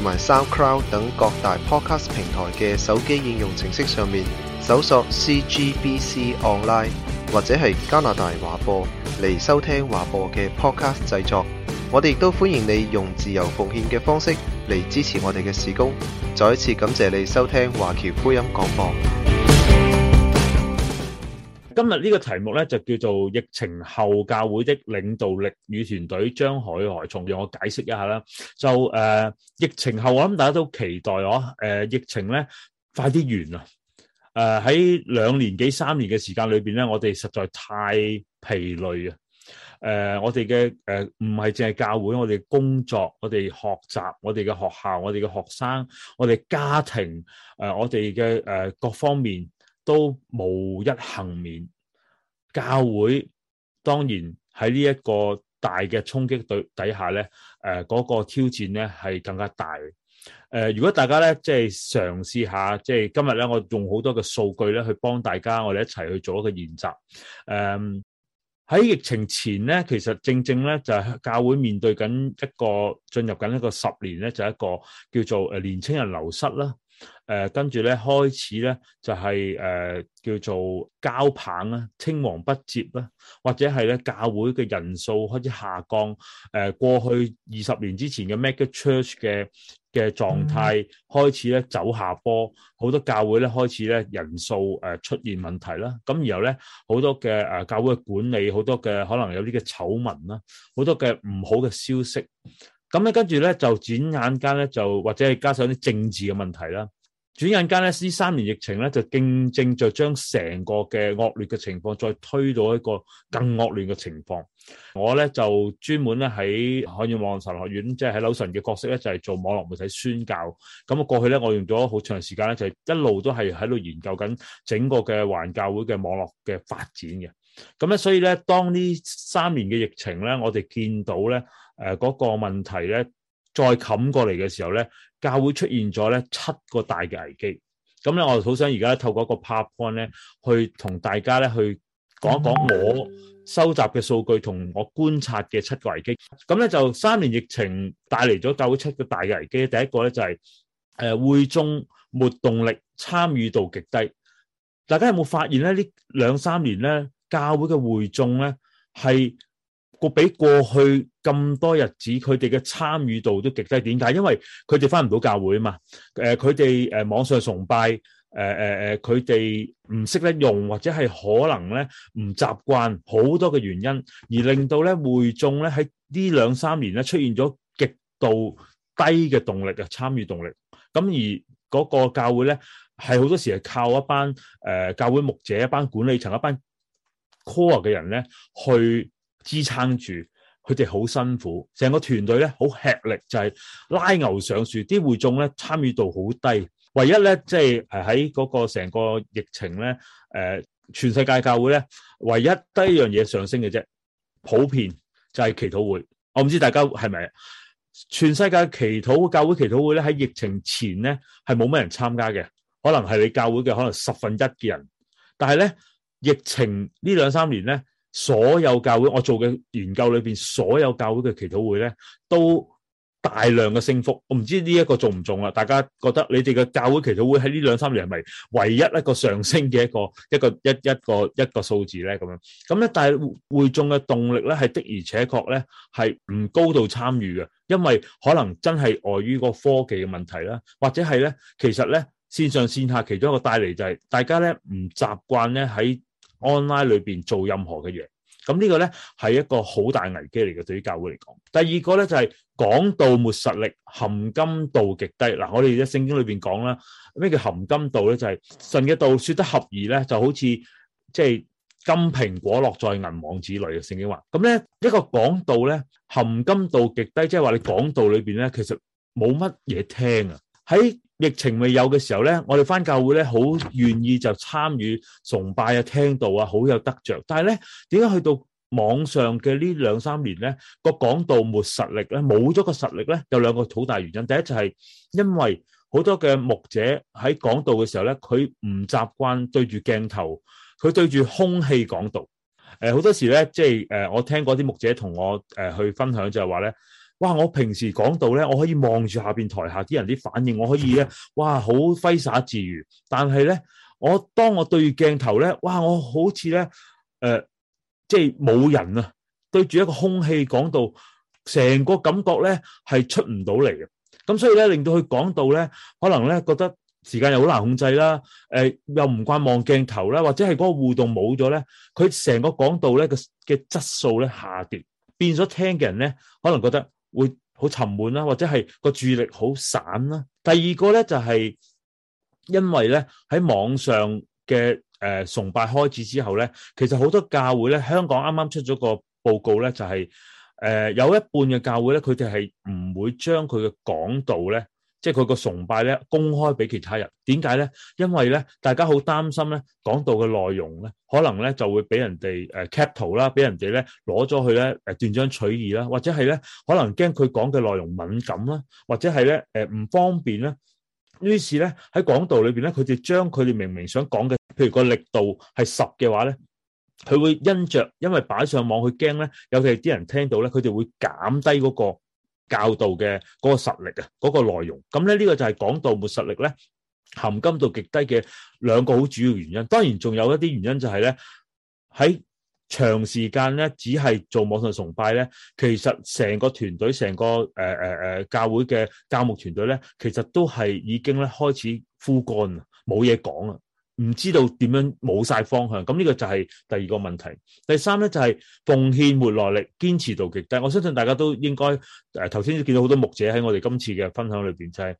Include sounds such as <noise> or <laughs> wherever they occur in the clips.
同埋 SoundCloud 等各大 Podcast 平台嘅手機應用程式上面搜索 CGBC Online 或者係加拿大華播嚟收聽華播嘅 Podcast 製作。我哋亦都歡迎你用自由奉獻嘅方式嚟支持我哋嘅事工。再一次感謝你收聽華僑福音廣播。今日呢個題目咧，就叫做疫情後教會的領導力與團隊。張海來，從讓我解釋一下啦。就誒、呃，疫情後我諗大家都期待嗬，誒、呃，疫情咧快啲完啦。誒、呃、喺兩年幾三年嘅時間裏邊咧，我哋實在太疲累啊。誒、呃，我哋嘅誒唔係淨係教會，我哋工作，我哋學習，我哋嘅學校，我哋嘅學生，我哋家庭，誒、呃，我哋嘅誒各方面。都無一幸免，教會當然喺呢一個大嘅衝擊底底下咧，誒、呃、嗰、那個挑戰咧係更加大。誒、呃，如果大家咧即係嘗試下，即係今日咧，我用好多嘅數據咧去幫大家，我哋一齊去做一個研習。誒、呃，喺疫情前咧，其實正正咧就係、是、教會面對緊一個進入緊一個十年咧，就係、一個叫做誒年青人流失啦。誒，跟住咧開始咧就係、是、誒、呃、叫做交棒啦、啊、青黃不接啦、啊，或者係咧教會嘅人數開始下降。誒、呃，過去二十年之前嘅 Mega Church 嘅嘅狀態開始咧走下坡，好多教會咧開始咧人數誒、啊、出現問題啦、啊。咁然後咧好多嘅誒、呃、教會嘅管理，好多嘅可能有啲嘅醜聞啦，多好多嘅唔好嘅消息。咁咧，跟住咧就轉眼間咧，就或者係加上啲政治嘅問題啦。轉眼間咧，呢三年疫情咧，就更正就將成個嘅惡劣嘅情況，再推到一個更惡劣嘅情況。我咧就專門咧喺海燕網絡神學院，即係喺紐神嘅角色咧，就係、是、做網絡媒體宣教。咁啊，過去咧，我用咗好長時間咧，就是、一路都係喺度研究緊整個嘅環教會嘅網絡嘅發展嘅。咁咧，所以咧，當呢三年嘅疫情咧，我哋見到咧。誒、嗰、呃那個問題咧，再冚過嚟嘅時候咧，教會出現咗咧七個大嘅危機。咁咧，我好想而家透過一個 PowerPoint 咧，去同大家咧去講一講我收集嘅數據同我觀察嘅七個危機。咁咧就三年疫情帶嚟咗教會七個大嘅危機。第一個咧就係、是，誒、呃、會眾活動力，參與度極低。大家有冇發現咧？呢兩三年咧，教會嘅會眾咧係。個比過去咁多日子，佢哋嘅參與度都極低。點解？因為佢哋返唔到教會啊嘛。誒、呃，佢哋誒網上崇拜，誒誒誒，佢哋唔識得用，或者係可能咧唔習慣，好多嘅原因，而令到咧會眾咧喺呢兩三年咧出現咗極度低嘅動力嘅參與動力。咁而嗰個教會咧係好多時係靠一班誒、呃、教會牧者、一班管理層、一班 core 嘅人咧去。支撐住佢哋好辛苦，成個團隊咧好吃力，就係、是、拉牛上樹。啲會眾咧參與度好低，唯一咧即係喺嗰個成個疫情咧，誒、呃，全世界教會咧，唯一低一樣嘢上升嘅啫，普遍就係祈禱會。我唔知大家係咪？全世界祈禱教會、祈禱會咧喺疫情前咧係冇咩人參加嘅，可能係你教會嘅可能十分一嘅人，但係咧疫情呢兩三年咧。所有教會我做嘅研究裏邊，所有教會嘅祈禱會咧，都大量嘅升幅。我唔知呢一個做唔做啊？大家覺得你哋嘅教會祈禱會喺呢兩三年係咪唯一一個上升嘅一個一個一一個一個數字咧？咁樣咁咧，但係會眾嘅動力咧，係的而且確咧係唔高度參與嘅，因為可能真係礙於個科技嘅問題啦，或者係咧，其實咧線上線下其中一個帶嚟就係大家咧唔習慣咧喺。online 裏邊做任何嘅嘢，咁呢個咧係一個好大危機嚟嘅，對於教會嚟講。第二個咧就係、是、講道沒實力，含金度極低。嗱，我哋喺聖經裏邊講啦，咩叫含金度咧？就係、是、神嘅道說得合宜咧，就好似即係金蘋果落在銀網子裏嘅。聖經話，咁咧一個講道咧含金度極低，即係話你講道裏邊咧其實冇乜嘢聽啊，喺。疫情未有嘅時候咧，我哋返教會咧好願意就參與崇拜啊、聽道啊，好有得着。但係咧，點解去到網上嘅呢兩三年咧，個講道沒實力咧，冇咗個實力咧，有兩個好大原因。第一就係因為好多嘅牧者喺講道嘅時候咧，佢唔習慣對住鏡頭，佢對住空氣講道。誒，好多時咧，即係誒，我聽嗰啲牧者同我誒去分享就係話咧。哇！我平時講道咧，我可以望住下邊台下啲人啲反應，我可以咧，哇！好揮灑自如。但係咧，我當我對住鏡頭咧，哇！我好似咧，誒，即係冇人啊，對住一個空氣講道，成個感覺咧係出唔到嚟嘅。咁所以咧，令到佢講道咧，可能咧覺得時間又好難控制啦。誒，又唔慣望鏡頭啦，或者係嗰個互動冇咗咧，佢成個講道咧嘅嘅質素咧下跌，變咗聽嘅人咧可能覺得。會好沉悶啦，或者係個注意力好散啦。第二個咧就係、是、因為咧喺網上嘅誒、呃、崇拜開始之後咧，其實好多教會咧，香港啱啱出咗個報告咧，就係、是、誒、呃、有一半嘅教會咧，佢哋係唔會將佢嘅講道咧。即係佢個崇拜咧，公開俾其他人。點解咧？因為咧，大家好擔心咧，講道嘅內容咧，可能咧就會俾人哋誒 cap 圖啦，俾人哋咧攞咗去咧斷章取義啦，或者係咧可能驚佢講嘅內容敏感啦，或者係咧誒唔方便啦。於是咧喺講道裏邊咧，佢哋將佢哋明明想講嘅，譬如個力度係十嘅話咧，佢會因着因為擺上網去驚咧，尤其係啲人聽到咧，佢哋會減低嗰個。教導嘅嗰個實力啊，嗰個內容，咁咧呢個就係講到冇實力咧，含金度極低嘅兩個好主要原因。當然仲有一啲原因就係咧，喺長時間咧只係做網上崇拜咧，其實成個團隊、成個誒誒誒教會嘅教牧團隊咧，其實都係已經咧開始枯乾啦，冇嘢講啦。唔知道點樣，冇晒方向，咁呢個就係第二個問題。第三咧就係奉獻沒耐力，堅持度極低。我相信大家都應該誒，頭先見到好多牧者喺我哋今次嘅分享裏邊，就係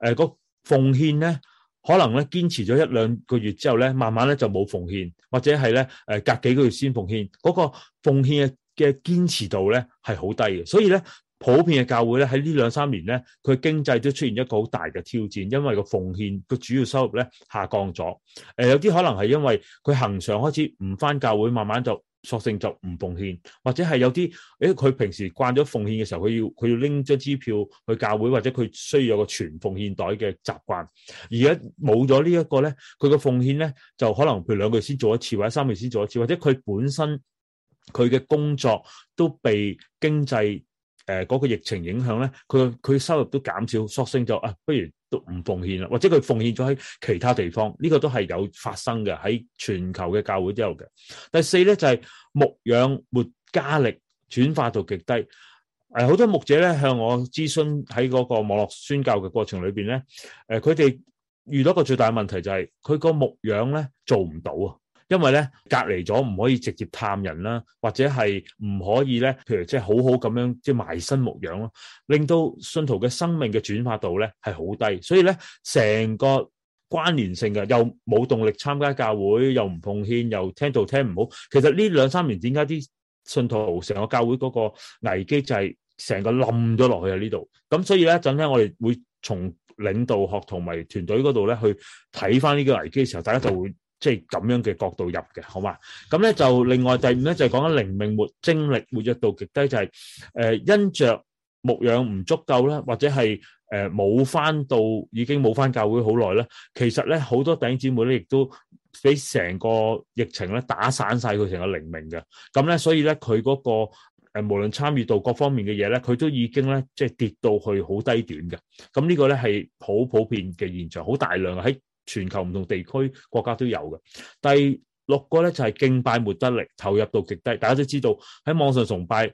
誒個奉獻咧，可能咧堅持咗一兩個月之後咧，慢慢咧就冇奉獻，或者係咧誒隔幾個月先奉獻，嗰個奉獻嘅嘅堅持度咧係好低嘅，所以咧。普遍嘅教會咧，喺呢兩三年咧，佢經濟都出現一個好大嘅挑戰，因為個奉獻個主要收入咧下降咗。誒、呃，有啲可能係因為佢恒常開始唔返教會，慢慢就索性就唔奉獻，或者係有啲誒，佢、哎、平時慣咗奉獻嘅時候，佢要佢要拎張支票去教會，或者佢需要有個全奉獻袋嘅習慣。而家冇咗呢一個咧，佢嘅奉獻咧就可能佢兩個月先做一次，或者三個月先做一次，或者佢本身佢嘅工作都被經濟。誒，嗰個疫情影響咧，佢佢收入都減少，縮少咗啊，不如都唔奉獻啦，或者佢奉獻咗喺其他地方，呢個都係有發生嘅，喺全球嘅教會都有嘅。第四咧就係牧養沒加力，轉化度極低。誒，好多牧者咧向我諮詢喺嗰個網絡宣教嘅過程裏邊咧，誒，佢哋遇到一個最大問題就係佢個牧養咧做唔到啊。因為咧隔離咗，唔可以直接探人啦，或者係唔可以咧，譬如即係好好咁樣即係埋身牧養咯，令到信徒嘅生命嘅轉化度咧係好低，所以咧成個關聯性嘅又冇動力參加教會，又唔奉獻，又聽到聽唔好。其實呢兩三年點解啲信徒成個教會嗰個危機就係成個冧咗落去喺呢度？咁所以陣間咧，我哋會從領導學同埋團隊嗰度咧去睇翻呢個危機嘅時候，大家就會。即係咁樣嘅角度入嘅，好嘛？咁咧就另外第五咧就係講緊靈命、精力、活躍度極低，就係誒因著牧養唔足夠啦，或者係誒冇翻到已經冇翻教會好耐啦。其實咧好多弟兄姊妹咧亦都俾成個疫情咧打散曬佢成個靈命嘅。咁咧所以咧佢嗰個誒無論參與度各方面嘅嘢咧，佢都已經咧即係跌到去好低段嘅。咁呢個咧係好普遍嘅現象，好大量喺。全球唔同地區國家都有嘅，第六個咧就係、是、敬拜沒得力，投入度極低。大家都知道喺網上崇拜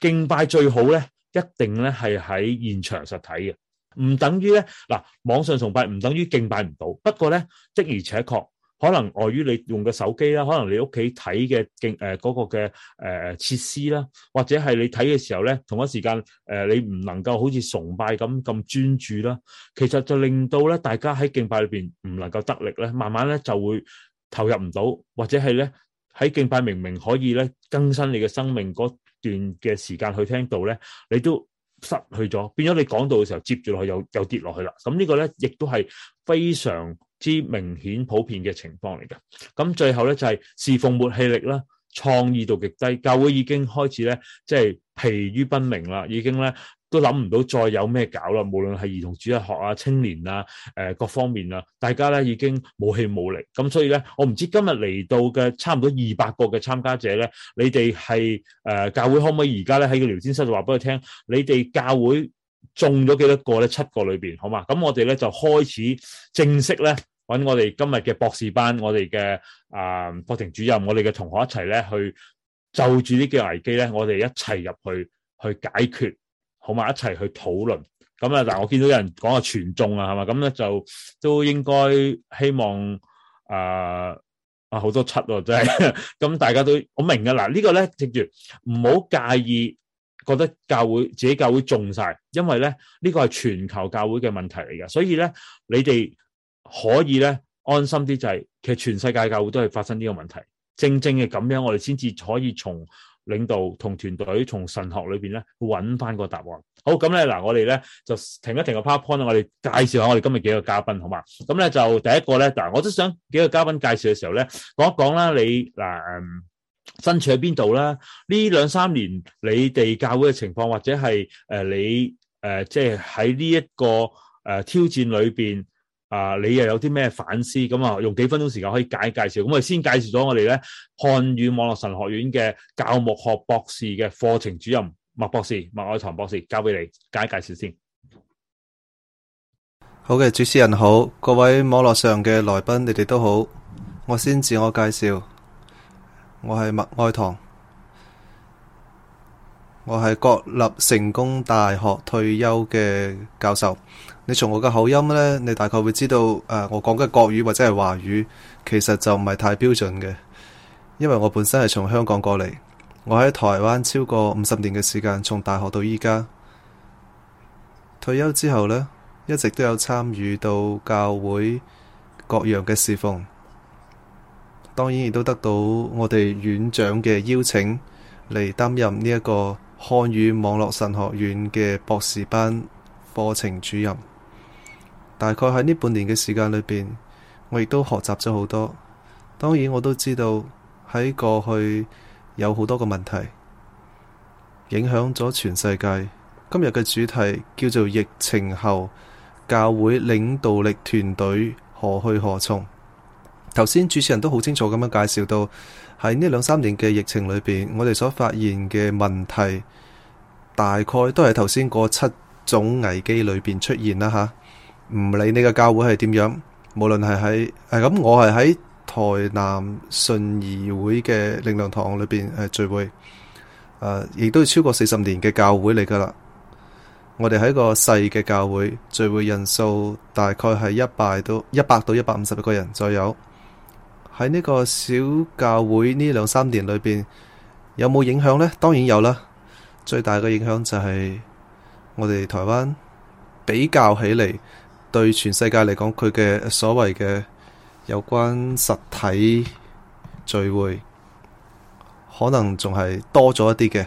敬拜最好咧，一定咧係喺現場實體嘅，唔等於咧，嗱，網上崇拜唔等於敬拜唔到。不過咧的而且確。可能礙於你用嘅手機啦，可能你屋企睇嘅競誒嗰個嘅誒、呃、設施啦，或者係你睇嘅時候咧，同一時間誒、呃、你唔能夠好似崇拜咁咁專注啦，其實就令到咧大家喺敬拜裏邊唔能夠得力咧，慢慢咧就會投入唔到，或者係咧喺敬拜明明可以咧更新你嘅生命嗰段嘅時間去聽到咧，你都失去咗，變咗你講到嘅時候接住落去又又跌落去啦。咁呢個咧亦都係非常之明顯普遍嘅情況嚟嘅，咁最後咧就係、是、侍奉沒氣力啦，創意度極低，教會已經開始咧即係疲於奔命啦，已經咧都諗唔到再有咩搞啦，無論係兒童主日學啊、青年啊、誒、呃、各方面啊，大家咧已經冇氣冇力，咁所以咧我唔知今日嚟到嘅差唔多二百個嘅參加者咧，你哋係誒教會可唔可以而家咧喺個聊天室度話俾佢聽，你哋教會？中咗幾多個咧？七個裏邊，好嘛？咁我哋咧就開始正式咧，搵我哋今日嘅博士班，我哋嘅啊課程主任，我哋嘅同學一齊咧去就住呢個危機咧，我哋一齊入去去解決，好嘛？一齊去討論。咁啊，嗱，我見到有人講啊全中啊，係嘛？咁咧就都應該希望、呃、啊啊好多七咯、啊，真係。咁 <laughs> 大家都好明噶啦。嗱，這個、呢個咧直住唔好介意。覺得教會自己教會重晒，因為咧呢個係全球教會嘅問題嚟嘅，所以咧你哋可以咧安心啲就係、是，其實全世界教會都係發生呢個問題。正正嘅咁樣，我哋先至可以從領導、同團隊、從神學裏邊咧搵翻個答案。好，咁咧嗱，我哋咧就停一停個 PowerPoint，我哋介紹下我哋今日幾個嘉賓，好嘛？咁咧就第一個咧嗱，我都想幾個嘉賓介紹嘅時候咧，講一講啦，你嗱身處喺邊度啦？呢兩三年你哋教會嘅情況，或者係誒、呃、你誒、呃，即係喺呢一個誒、呃、挑戰裏邊啊、呃，你又有啲咩反思？咁啊，用幾分鐘時間可以介介紹？咁我先介紹咗我哋咧，漢語網絡神學院嘅教牧學博士嘅課程主任麥博士麥愛堂博士，交俾你，介介紹先。好嘅，主持人好，各位網絡上嘅來賓，你哋都好，我先自我介紹。我係麥愛堂，我係國立成功大學退休嘅教授。你從我嘅口音呢，你大概會知道誒、呃，我講嘅國語或者係華語，其實就唔係太標準嘅，因為我本身係從香港過嚟。我喺台灣超過五十年嘅時間，從大學到依家退休之後呢，一直都有參與到教會各樣嘅侍奉。當然亦都得到我哋院長嘅邀請，嚟擔任呢一個漢語網絡神學院嘅博士班課程主任。大概喺呢半年嘅時間裏邊，我亦都學習咗好多。當然我都知道喺過去有好多個問題影響咗全世界。今日嘅主題叫做疫情後教會領導力團隊何去何從。頭先，主持人都好清楚咁樣介紹到，喺呢兩三年嘅疫情裏邊，我哋所發現嘅問題，大概都係頭先嗰七種危機裏邊出現啦。吓，唔理你個教會係點樣，無論係喺誒咁，我係喺台南信義會嘅力量堂裏邊誒聚會，誒、呃、亦都係超過四十年嘅教會嚟噶啦。我哋喺一個細嘅教會聚會，人數大概係一百到一百到一百五十個人左右。喺呢個小教會呢兩三年裏邊，有冇影響呢？當然有啦。最大嘅影響就係我哋台灣比較起嚟，對全世界嚟講，佢嘅所謂嘅有關實體聚會，可能仲係多咗一啲嘅。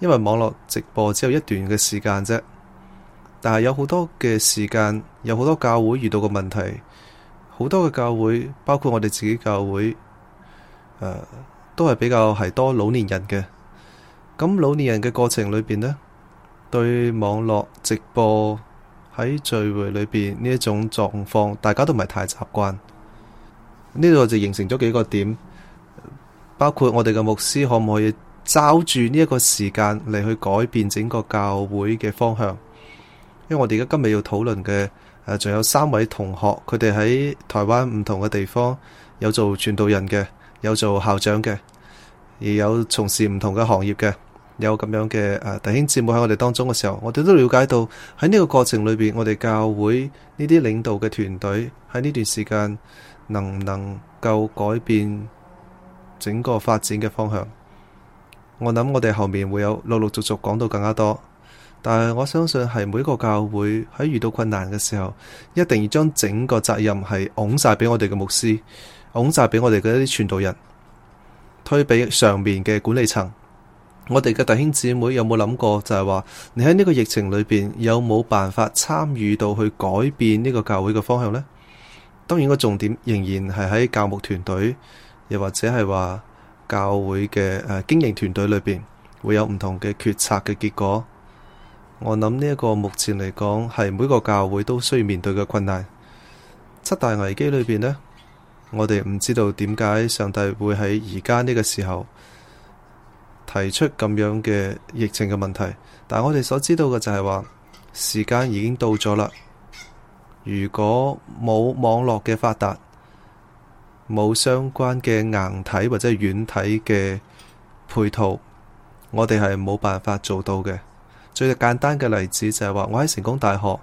因為網絡直播只有一段嘅時間啫，但係有好多嘅時間，有好多教會遇到嘅問題。好多嘅教會，包括我哋自己教會，誒、呃，都係比較係多老年人嘅。咁老年人嘅過程裏邊咧，對網絡直播喺聚會裏邊呢一種狀況，大家都唔係太習慣。呢度就形成咗幾個點，包括我哋嘅牧師可唔可以抓住呢一個時間嚟去改變整個教會嘅方向？因為我哋而家今日要討論嘅。仲有三位同學，佢哋喺台灣唔同嘅地方有做傳道人嘅，有做校長嘅，而有從事唔同嘅行業嘅，有咁樣嘅、啊、弟兄姊妹喺我哋當中嘅時候，我哋都了解到喺呢個過程裏邊，我哋教會呢啲領導嘅團隊喺呢段時間能唔能夠改變整個發展嘅方向？我諗我哋後面會有陸陸續續講到更加多。但係，我相信係每個教會喺遇到困難嘅時候，一定要將整個責任係拱晒俾我哋嘅牧師，拱晒俾我哋嘅一啲傳道人，推俾上面嘅管理層。我哋嘅弟兄姊妹有冇諗過就，就係話你喺呢個疫情裏邊有冇辦法參與到去改變呢個教會嘅方向呢？當然，個重點仍然係喺教務團隊，又或者係話教會嘅誒經營團隊裏邊會有唔同嘅決策嘅結果。我諗呢一個目前嚟講，係每個教會都需要面對嘅困難。七大危機裏邊呢，我哋唔知道點解上帝會喺而家呢個時候提出咁樣嘅疫情嘅問題。但我哋所知道嘅就係話，時間已經到咗啦。如果冇網絡嘅發達，冇相關嘅硬體或者軟體嘅配套，我哋係冇辦法做到嘅。最簡單嘅例子就係話，我喺成功大學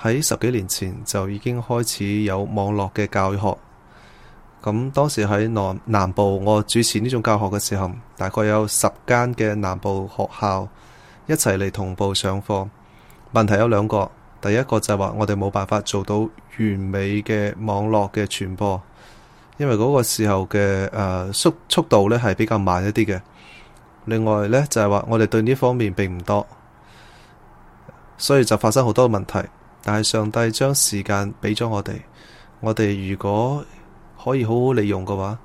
喺十幾年前就已經開始有網絡嘅教學。咁當時喺南南部，我主持呢種教學嘅時候，大概有十間嘅南部學校一齊嚟同步上課。問題有兩個，第一個就係話我哋冇辦法做到完美嘅網絡嘅傳播，因為嗰個時候嘅誒、呃、速速度咧係比較慢一啲嘅。另外呢，就係、是、話我哋對呢方面並唔多，所以就發生好多問題，但係上帝將時間俾咗我哋，我哋如果可以好好利用嘅話，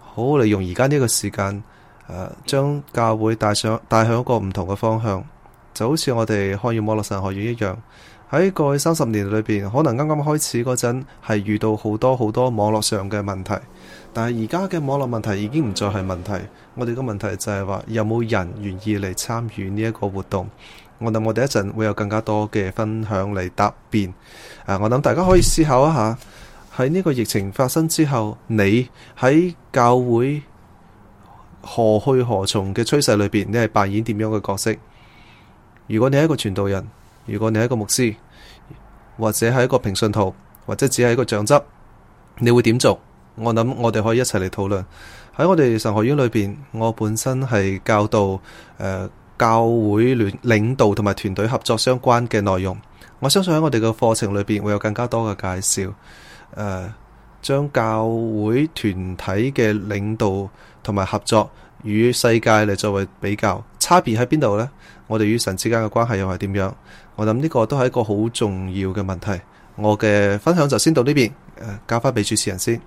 好好利用而家呢個時間，誒、啊，將教會帶上帶向一個唔同嘅方向，就好似我哋漢語網絡神學院一樣。喺過去三十年裏邊，可能啱啱開始嗰陣係遇到好多好多網絡上嘅問題，但係而家嘅網絡問題已經唔再係問題。我哋嘅問題就係話，有冇人願意嚟參與呢一個活動？我諗我第一陣會,會有更加多嘅分享嚟答辯。啊，我諗大家可以思考一下，喺呢個疫情發生之後，你喺教會何去何從嘅趨勢裏邊，你係扮演點樣嘅角色？如果你係一個傳道人，如果你係一個牧師，或者係一個平信徒，或者只係一個長執，你會點做？我諗我哋可以一齊嚟討論。喺我哋神學院裏邊，我本身係教導誒。呃教會聯領導同埋團隊合作相關嘅內容，我相信喺我哋嘅課程裏邊會有更加多嘅介紹。誒、呃，將教會團體嘅領導同埋合作與世界嚟，作為比較，差別喺邊度呢？我哋與神之間嘅關係又係點樣？我諗呢個都係一個好重要嘅問題。我嘅分享就先到呢邊，誒、呃、交翻俾主持人先。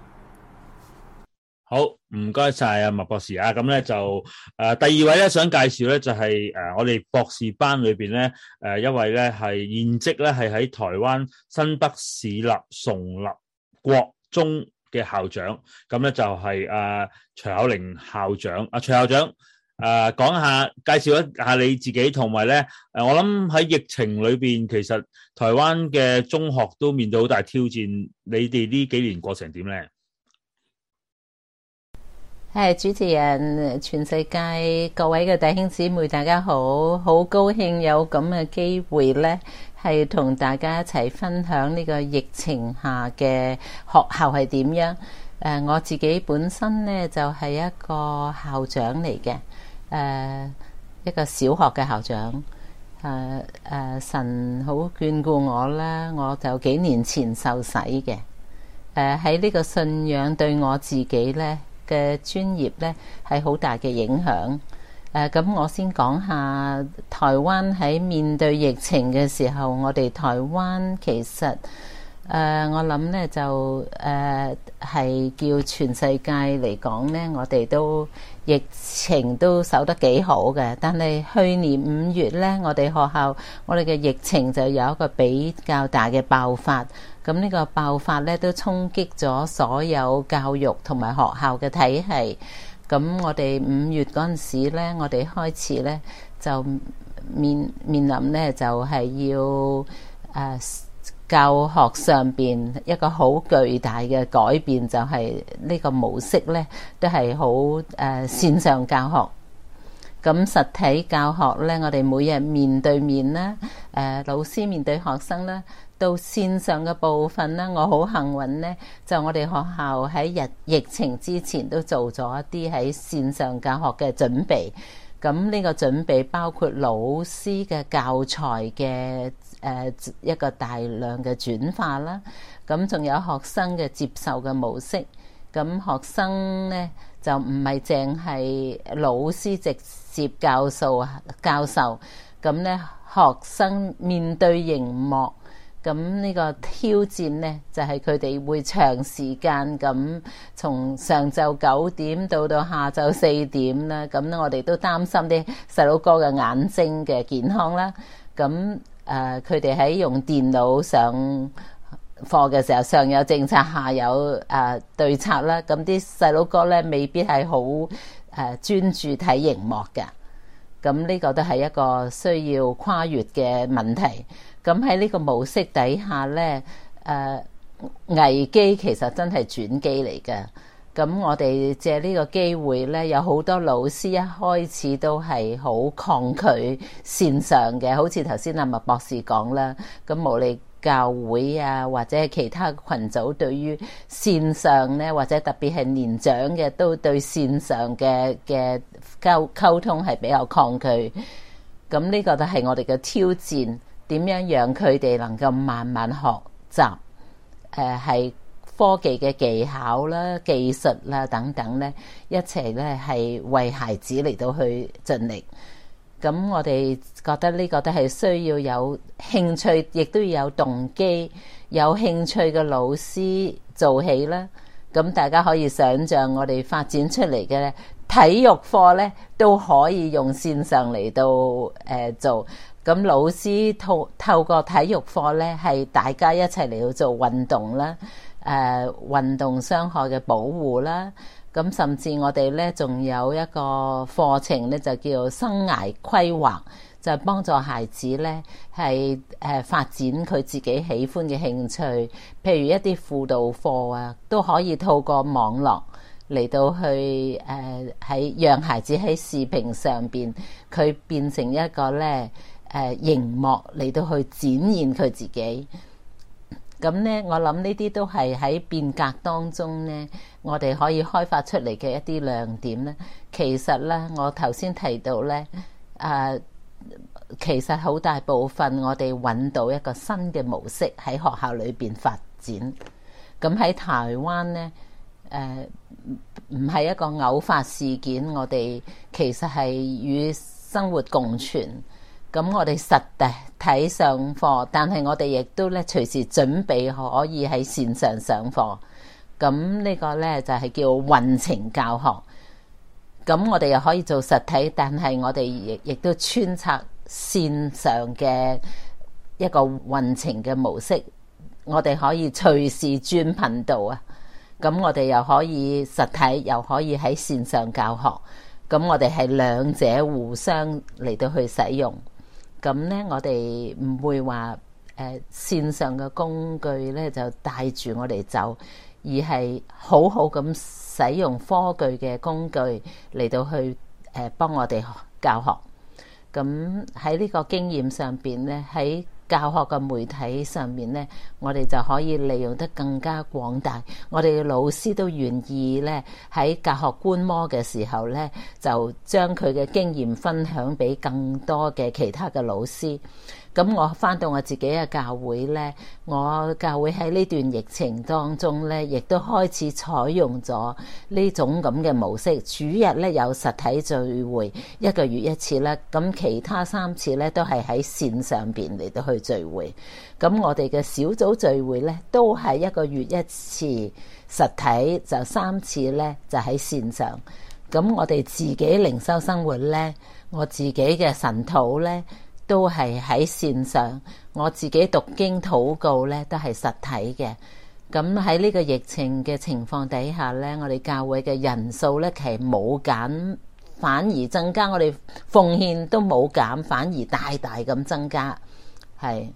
好，唔該晒啊，麥博士啊，咁咧就誒、呃、第二位咧想介紹咧就係、是、誒、呃、我哋博士班裏邊咧誒一位咧係現職咧係喺台灣新北市立崇立國中嘅校長，咁咧就係、是、阿、呃、徐巧玲校長，啊，徐校長誒、呃、講下介紹一下你自己同埋咧，我諗喺疫情裏邊其實台灣嘅中學都面對好大挑戰，你哋呢幾年過成點咧？誒，Hi，主持人，全世界各位嘅弟兄姊妹，大家好，好高興有咁嘅機會呢，係同大家一齊分享呢個疫情下嘅學校係點樣。誒、呃，我自己本身呢，就係、是、一個校長嚟嘅，誒、呃，一個小學嘅校長。誒、呃、誒、呃，神好眷顧我啦，我就幾年前受洗嘅。誒、呃，喺呢個信仰對我自己呢。嘅專業呢，係好大嘅影響。誒、呃、咁，我先講下台灣喺面對疫情嘅時候，我哋台灣其實誒、呃、我諗呢就誒係、呃、叫全世界嚟講呢，我哋都疫情都守得幾好嘅。但係去年五月呢，我哋學校我哋嘅疫情就有一個比較大嘅爆發。咁呢個爆發咧，都衝擊咗所有教育同埋學校嘅體系。咁我哋五月嗰陣時咧，我哋開始咧就面面臨咧，就係要誒教學上邊一個好巨大嘅改變，就係呢個模式咧都係好誒線上教學。咁實體教學咧，我哋每日面對面咧，誒老師面對學生咧。到線上嘅部分咧，我好幸運呢，就我哋學校喺日疫情之前都做咗一啲喺線上教學嘅準備。咁呢個準備包括老師嘅教材嘅誒、呃、一個大量嘅轉化啦。咁仲有學生嘅接受嘅模式。咁學生呢，就唔係淨係老師直接教授，教授咁呢，學生面對熒幕。咁呢個挑戰呢，就係佢哋會長時間咁，從上晝九點到到下晝四點啦。咁我哋都擔心啲細佬哥嘅眼睛嘅健康啦。咁誒，佢哋喺用電腦上課嘅時候，上有政策，下有誒、啊、對策啦。咁啲細佬哥呢，未必係好誒專注睇熒幕嘅。咁呢個都係一個需要跨越嘅問題。咁喺呢個模式底下呢，誒危機其實真係轉機嚟嘅。咁我哋借呢個機會呢，有好多老師一開始都係好抗拒線上嘅，好似頭先阿麥博士講啦。咁毛利教會啊，或者其他群組對於線上呢，或者特別係年長嘅都對線上嘅嘅溝溝通係比較抗拒。咁呢個就係我哋嘅挑戰。點樣讓佢哋能夠慢慢學習？誒、呃、係科技嘅技巧啦、技術啦等等，呢一齊呢係為孩子嚟到去盡力。咁我哋覺得呢個都係需要有興趣，亦都要有動機。有興趣嘅老師做起啦。咁大家可以想象，我哋發展出嚟嘅體育課呢，都可以用線上嚟到誒做。咁老師透透過體育課咧，係大家一齊嚟到做運動啦，誒、呃、運動傷害嘅保護啦。咁、呃、甚至我哋咧仲有一個課程咧，就叫生涯規劃，就幫、是、助孩子咧係誒發展佢自己喜歡嘅興趣。譬如一啲輔導課啊，都可以透過網絡嚟到去誒喺、呃、讓孩子喺視頻上邊，佢變成一個咧。誒熒幕嚟到去展現佢自己咁呢，我諗呢啲都係喺變革當中呢，我哋可以開發出嚟嘅一啲亮點呢。其實呢，我頭先提到呢，誒其實好大部分我哋揾到一個新嘅模式喺學校裏邊發展。咁喺台灣呢，誒唔係一個偶發事件，我哋其實係與生活共存。咁我哋實體上課，但係我哋亦都咧隨時準備可以喺線上上課。咁呢個咧就係叫運程教學。咁我哋又可以做實體，但係我哋亦亦都穿插線上嘅一個運程嘅模式。我哋可以隨時轉頻道啊！咁我哋又可以實體，又可以喺線上教學。咁我哋係兩者互相嚟到去使用。咁咧，我哋唔會話誒、呃、線上嘅工具咧，就帶住我哋走，而係好好咁使用科技嘅工具嚟到去誒幫、呃、我哋教學。咁喺呢個經驗上邊咧，喺教學嘅媒體上面咧，我哋就可以利用得更加廣大。我哋嘅老師都願意咧，喺教學觀摩嘅時候咧，就將佢嘅經驗分享俾更多嘅其他嘅老師。咁我返到我自己嘅教會呢。我教會喺呢段疫情當中呢，亦都開始採用咗呢種咁嘅模式。主日呢，有實體聚會，一個月一次啦。咁其他三次呢，都係喺線上邊嚟到去聚會。咁我哋嘅小組聚會呢，都係一個月一次實體，就三次呢，就喺線上。咁我哋自己靈修生活呢，我自己嘅神土呢。都係喺線上，我自己讀經禱告咧都係實體嘅。咁喺呢個疫情嘅情況底下呢，我哋教會嘅人數呢，其實冇減，反而增加。我哋奉獻都冇減，反而大大咁增加。係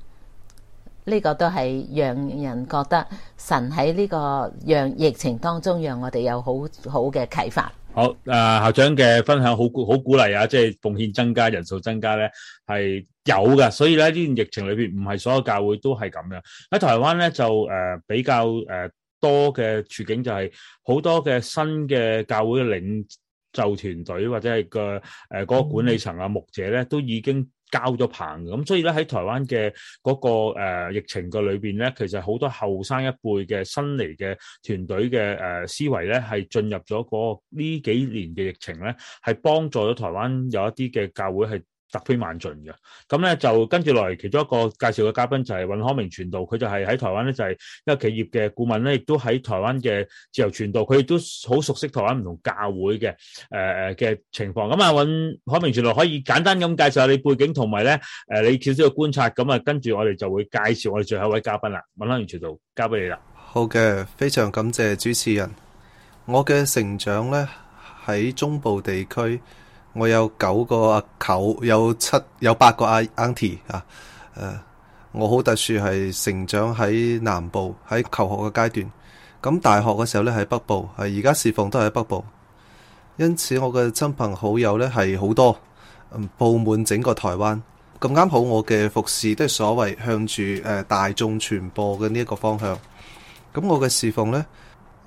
呢個都係讓人覺得神喺呢個讓疫情當中讓我哋有好好嘅啟發。好，誒、啊，校長嘅分享好好鼓勵啊！即係奉獻增加，人數增加咧係有噶，所以咧呢段疫情裏邊唔係所有教會都係咁樣。喺台灣咧就誒、呃、比較誒、呃、多嘅處境就係好多嘅新嘅教會嘅領袖團隊或者係、個誒、呃嗰個管理層啊牧者咧都已經。教咗棚，咁所以咧喺台灣嘅嗰、那個、呃、疫情嘅裏邊咧，其實好多後生一輩嘅新嚟嘅團隊嘅誒、呃、思維咧，係進入咗嗰呢幾年嘅疫情咧，係幫助咗台灣有一啲嘅教會係。突飛猛進嘅，咁咧就跟住落嚟，其中一個介紹嘅嘉賓就係尹康明傳道，佢就係喺台灣咧，就係一個企業嘅顧問咧，亦都喺台灣嘅自由傳道，佢亦都好熟悉台灣唔同教會嘅誒誒嘅情況。咁啊，尹康明傳道可以簡單咁介紹下你背景同埋咧誒你少少嘅觀察，咁啊跟住我哋就會介紹我哋最後一位嘉賓啦。尹康明傳道，交俾你啦。好嘅，非常感謝主持人。我嘅成長咧喺中部地區。我有九個阿舅，有七有八個阿 aunt 啊。我好特殊，係成長喺南部，喺求學嘅階段。咁大學嘅時候咧，喺北部。係而家侍奉都喺北部，因此我嘅親朋好友咧係好多，嗯，佈滿整個台灣。咁啱好我嘅服侍都係所謂向住誒、呃、大眾傳播嘅呢一個方向。咁我嘅侍奉呢，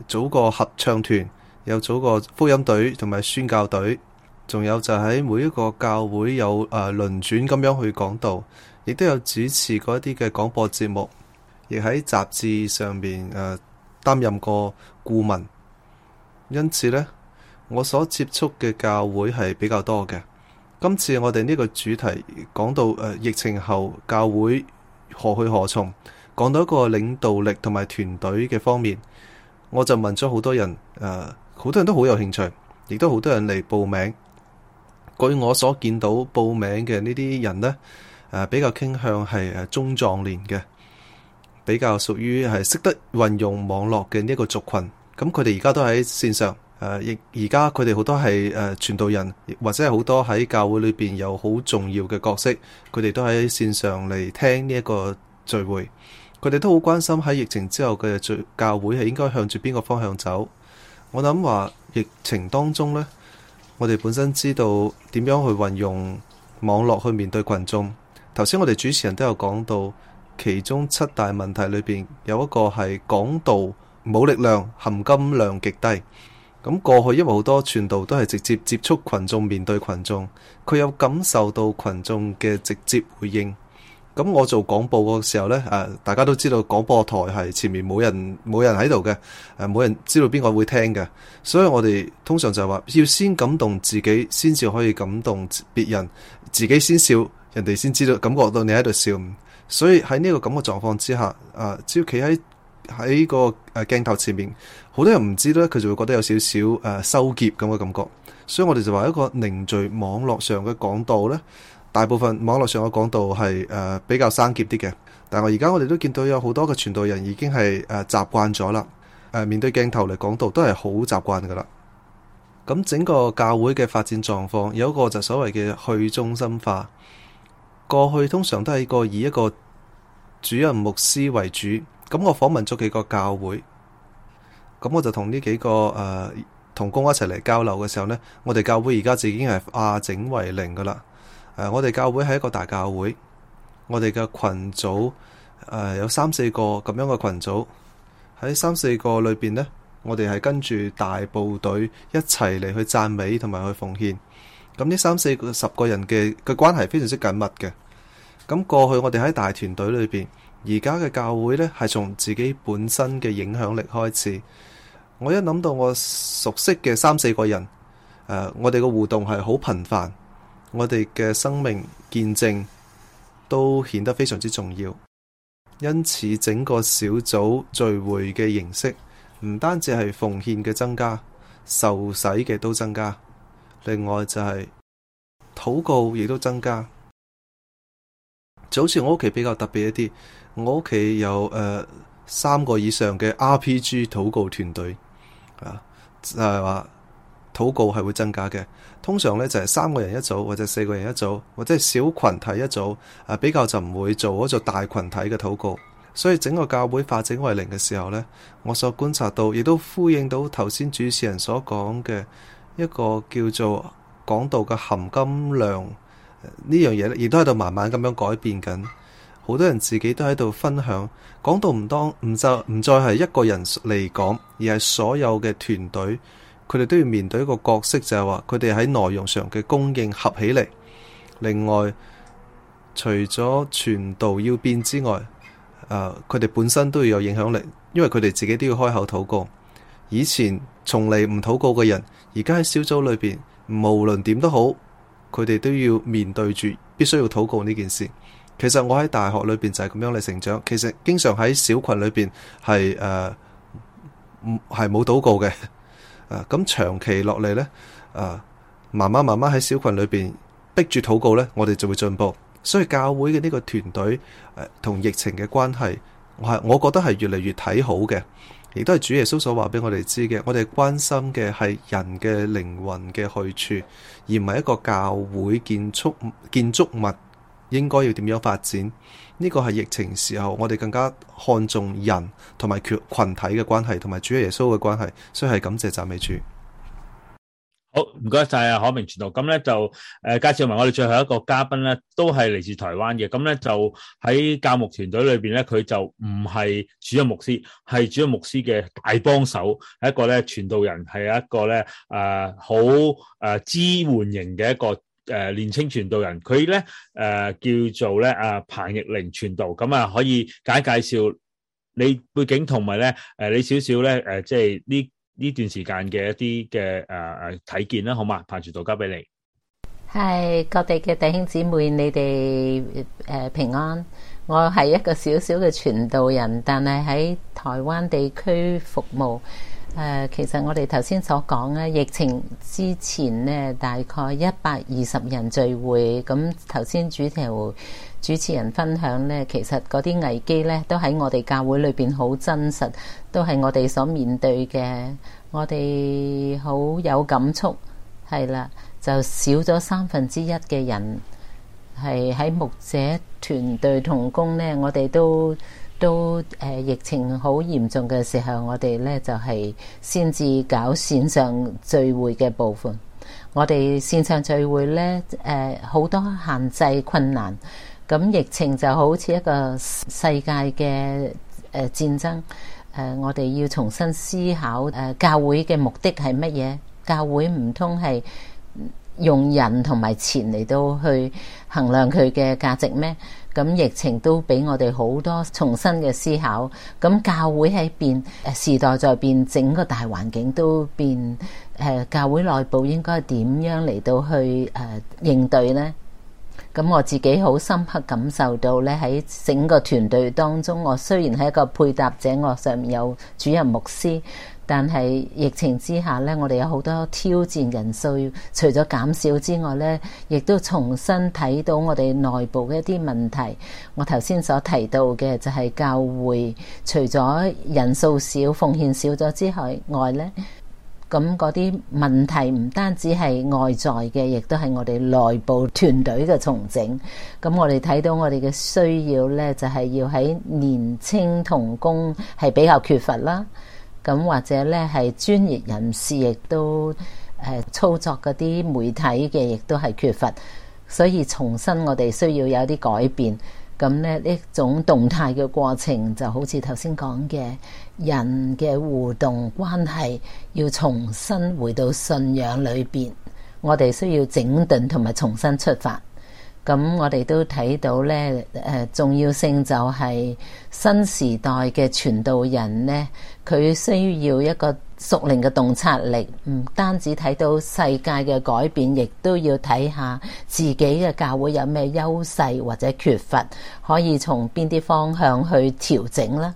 組個合唱團，又組個福音隊，同埋宣教隊。仲有就喺每一個教會有誒、呃、輪轉咁樣去講道，亦都有主持過一啲嘅廣播節目，亦喺雜誌上面誒、呃、擔任過顧問。因此呢，我所接觸嘅教會係比較多嘅。今次我哋呢個主題講到誒、呃、疫情後教會何去何從，講到一個領導力同埋團隊嘅方面，我就問咗好多人，誒、呃、好多人都好有興趣，亦都好多人嚟報名。據我所見到報名嘅呢啲人呢，比較傾向係誒中壯年嘅，比較屬於係識得運用網絡嘅呢一個族群。咁佢哋而家都喺線上，誒而而家佢哋好多係誒傳道人，或者係好多喺教會裏邊有好重要嘅角色，佢哋都喺線上嚟聽呢一個聚會。佢哋都好關心喺疫情之後佢哋嘅教會係應該向住邊個方向走。我諗話疫情當中呢。我哋本身知道點樣去運用網絡去面對群眾。頭先我哋主持人都有講到，其中七大問題裏邊有一個係講道冇力量、含金量極低。咁過去因為好多傳道都係直接接觸群眾，面對群眾，佢有感受到群眾嘅直接回應。咁我做廣播嗰時候呢，誒、啊，大家都知道廣播台係前面冇人，冇人喺度嘅，誒、啊，冇人知道邊個會聽嘅，所以我哋通常就係話要先感動自己，先至可以感動別人，自己先笑，人哋先知道感覺到你喺度笑。所以喺呢個咁嘅狀況之下，誒、啊，只要企喺喺個誒鏡頭前面，好多人唔知咧，佢就會覺得有少少誒羞澀咁嘅感覺。所以我哋就話一個凝聚網絡上嘅講道呢。大部分網絡上嘅講道係誒比較生澀啲嘅，但係我而家我哋都見到有好多嘅傳道人已經係誒、呃、習慣咗啦。誒、呃、面對鏡頭嚟講道都係好習慣噶啦。咁整個教會嘅發展狀況有一個就所謂嘅去中心化。過去通常都係個以一個主任牧師為主。咁我訪問咗幾個教會，咁我就同呢幾個誒、呃、同工一齊嚟交流嘅時候呢，我哋教會而家已經係化整為零噶啦。誒，我哋教會係一個大教會，我哋嘅群組誒、呃、有三四個咁樣嘅群組，喺三四個裏邊呢，我哋係跟住大部隊一齊嚟去讚美同埋去奉獻。咁呢三四十個人嘅嘅關係非常之緊密嘅。咁過去我哋喺大團隊裏邊，而家嘅教會呢係從自己本身嘅影響力開始。我一諗到我熟悉嘅三四個人，誒、呃，我哋嘅互動係好頻繁。我哋嘅生命見證都顯得非常之重要，因此整個小組聚會嘅形式唔單止係奉獻嘅增加，受洗嘅都增加，另外就係、是、禱告亦都增加。就好似我屋企比較特別一啲，我屋企有誒、呃、三個以上嘅 RPG 禱告團隊啊，就係話禱告係會增加嘅。通常咧就係三個人一組，或者四個人一組，或者小群體一組，啊比較就唔會做嗰做大群體嘅禱告。所以整個教會化整為零嘅時候呢，我所觀察到亦都呼應到頭先主持人所講嘅一個叫做講道嘅含金量呢樣嘢亦都喺度慢慢咁樣改變緊。好多人自己都喺度分享，講道唔當唔就唔再係一個人嚟講，而係所有嘅團隊。佢哋都要面對一個角色，就係話佢哋喺內容上嘅供應合起嚟。另外，除咗傳道要變之外，誒佢哋本身都要有影響力，因為佢哋自己都要開口禱告。以前從嚟唔禱告嘅人，而家喺小組裏邊，無論點都好，佢哋都要面對住必須要禱告呢件事。其實我喺大學裏邊就係咁樣嚟成長。其實經常喺小群裏邊係誒唔係冇禱告嘅。啊！咁長期落嚟咧，啊，慢慢慢慢喺小群裏邊逼住禱告咧，我哋就會進步。所以教會嘅呢個團隊，誒、啊，同疫情嘅關係，我係我覺得係越嚟越睇好嘅，亦都係主耶穌所話俾我哋知嘅。我哋關心嘅係人嘅靈魂嘅去處，而唔係一個教會建築建築物。應該要點樣發展？呢、這個係疫情時候，我哋更加看重人同埋群群體嘅關係，同埋主耶穌嘅關係。所以係感謝讚美主。好，唔該晒，啊，可明傳道。咁咧就誒、呃、介紹埋我哋最後一個嘉賓咧，都係嚟自台灣嘅。咁咧就喺教牧團隊裏邊咧，佢就唔係主任牧師，係主任牧師嘅大幫手，係一個咧傳道人，係一個咧誒、呃、好誒、呃、支援型嘅一個。誒、呃，年青傳道人，佢咧誒叫做咧啊彭逸玲傳道，咁啊可以解介紹你背景同埋咧誒你少少咧誒即係呢呢段時間嘅一啲嘅誒誒體見啦，好嘛？彭傳道，交俾你，係各地嘅弟兄姊妹，你哋誒、呃、平安，我係一個小小嘅傳道人，但係喺台灣地區服務。誒、呃，其實我哋頭先所講咧，疫情之前咧，大概一百二十人聚會，咁頭先主題主持人分享呢，其實嗰啲危機呢，都喺我哋教會裏邊好真實，都係我哋所面對嘅，我哋好有感觸。係啦，就少咗三分之一嘅人係喺牧者團隊同工呢，我哋都。都誒、呃、疫情好嚴重嘅時候，我哋咧就係先至搞線上聚會嘅部分。我哋線上聚會咧，誒好多限制困難，咁疫情就好似一個世界嘅誒、呃、戰爭。誒、呃、我哋要重新思考誒教會嘅目的係乜嘢？教會唔通係用人同埋錢嚟到去衡量佢嘅價值咩？咁疫情都俾我哋好多重新嘅思考，咁教會喺變，誒時代在變，整個大環境都變，誒、呃、教會內部應該點樣嚟到去誒、呃、應對呢？咁我自己好深刻感受到咧，喺整個團隊當中，我雖然係一個配搭者，我上面有主任牧師。但係疫情之下呢，我哋有好多挑戰，人數除咗減少之外呢，亦都重新睇到我哋內部嘅一啲問題。我頭先所提到嘅就係教會除咗人數少、奉獻少咗之外呢，外呢，咁嗰啲問題唔單止係外在嘅，亦都係我哋內部團隊嘅重整。咁我哋睇到我哋嘅需要呢，就係、是、要喺年青同工係比較缺乏啦。咁或者咧係專業人士，亦都誒操作嗰啲媒體嘅，亦都係缺乏，所以重新我哋需要有啲改變，咁咧一種動態嘅過程，就好似頭先講嘅人嘅互動關係要重新回到信仰裏邊，我哋需要整頓同埋重新出發。咁我哋都睇到咧，誒重要性就係新時代嘅傳道人呢，佢需要一個熟練嘅洞察力，唔單止睇到世界嘅改變，亦都要睇下自己嘅教會有咩優勢或者缺乏，可以從邊啲方向去調整啦。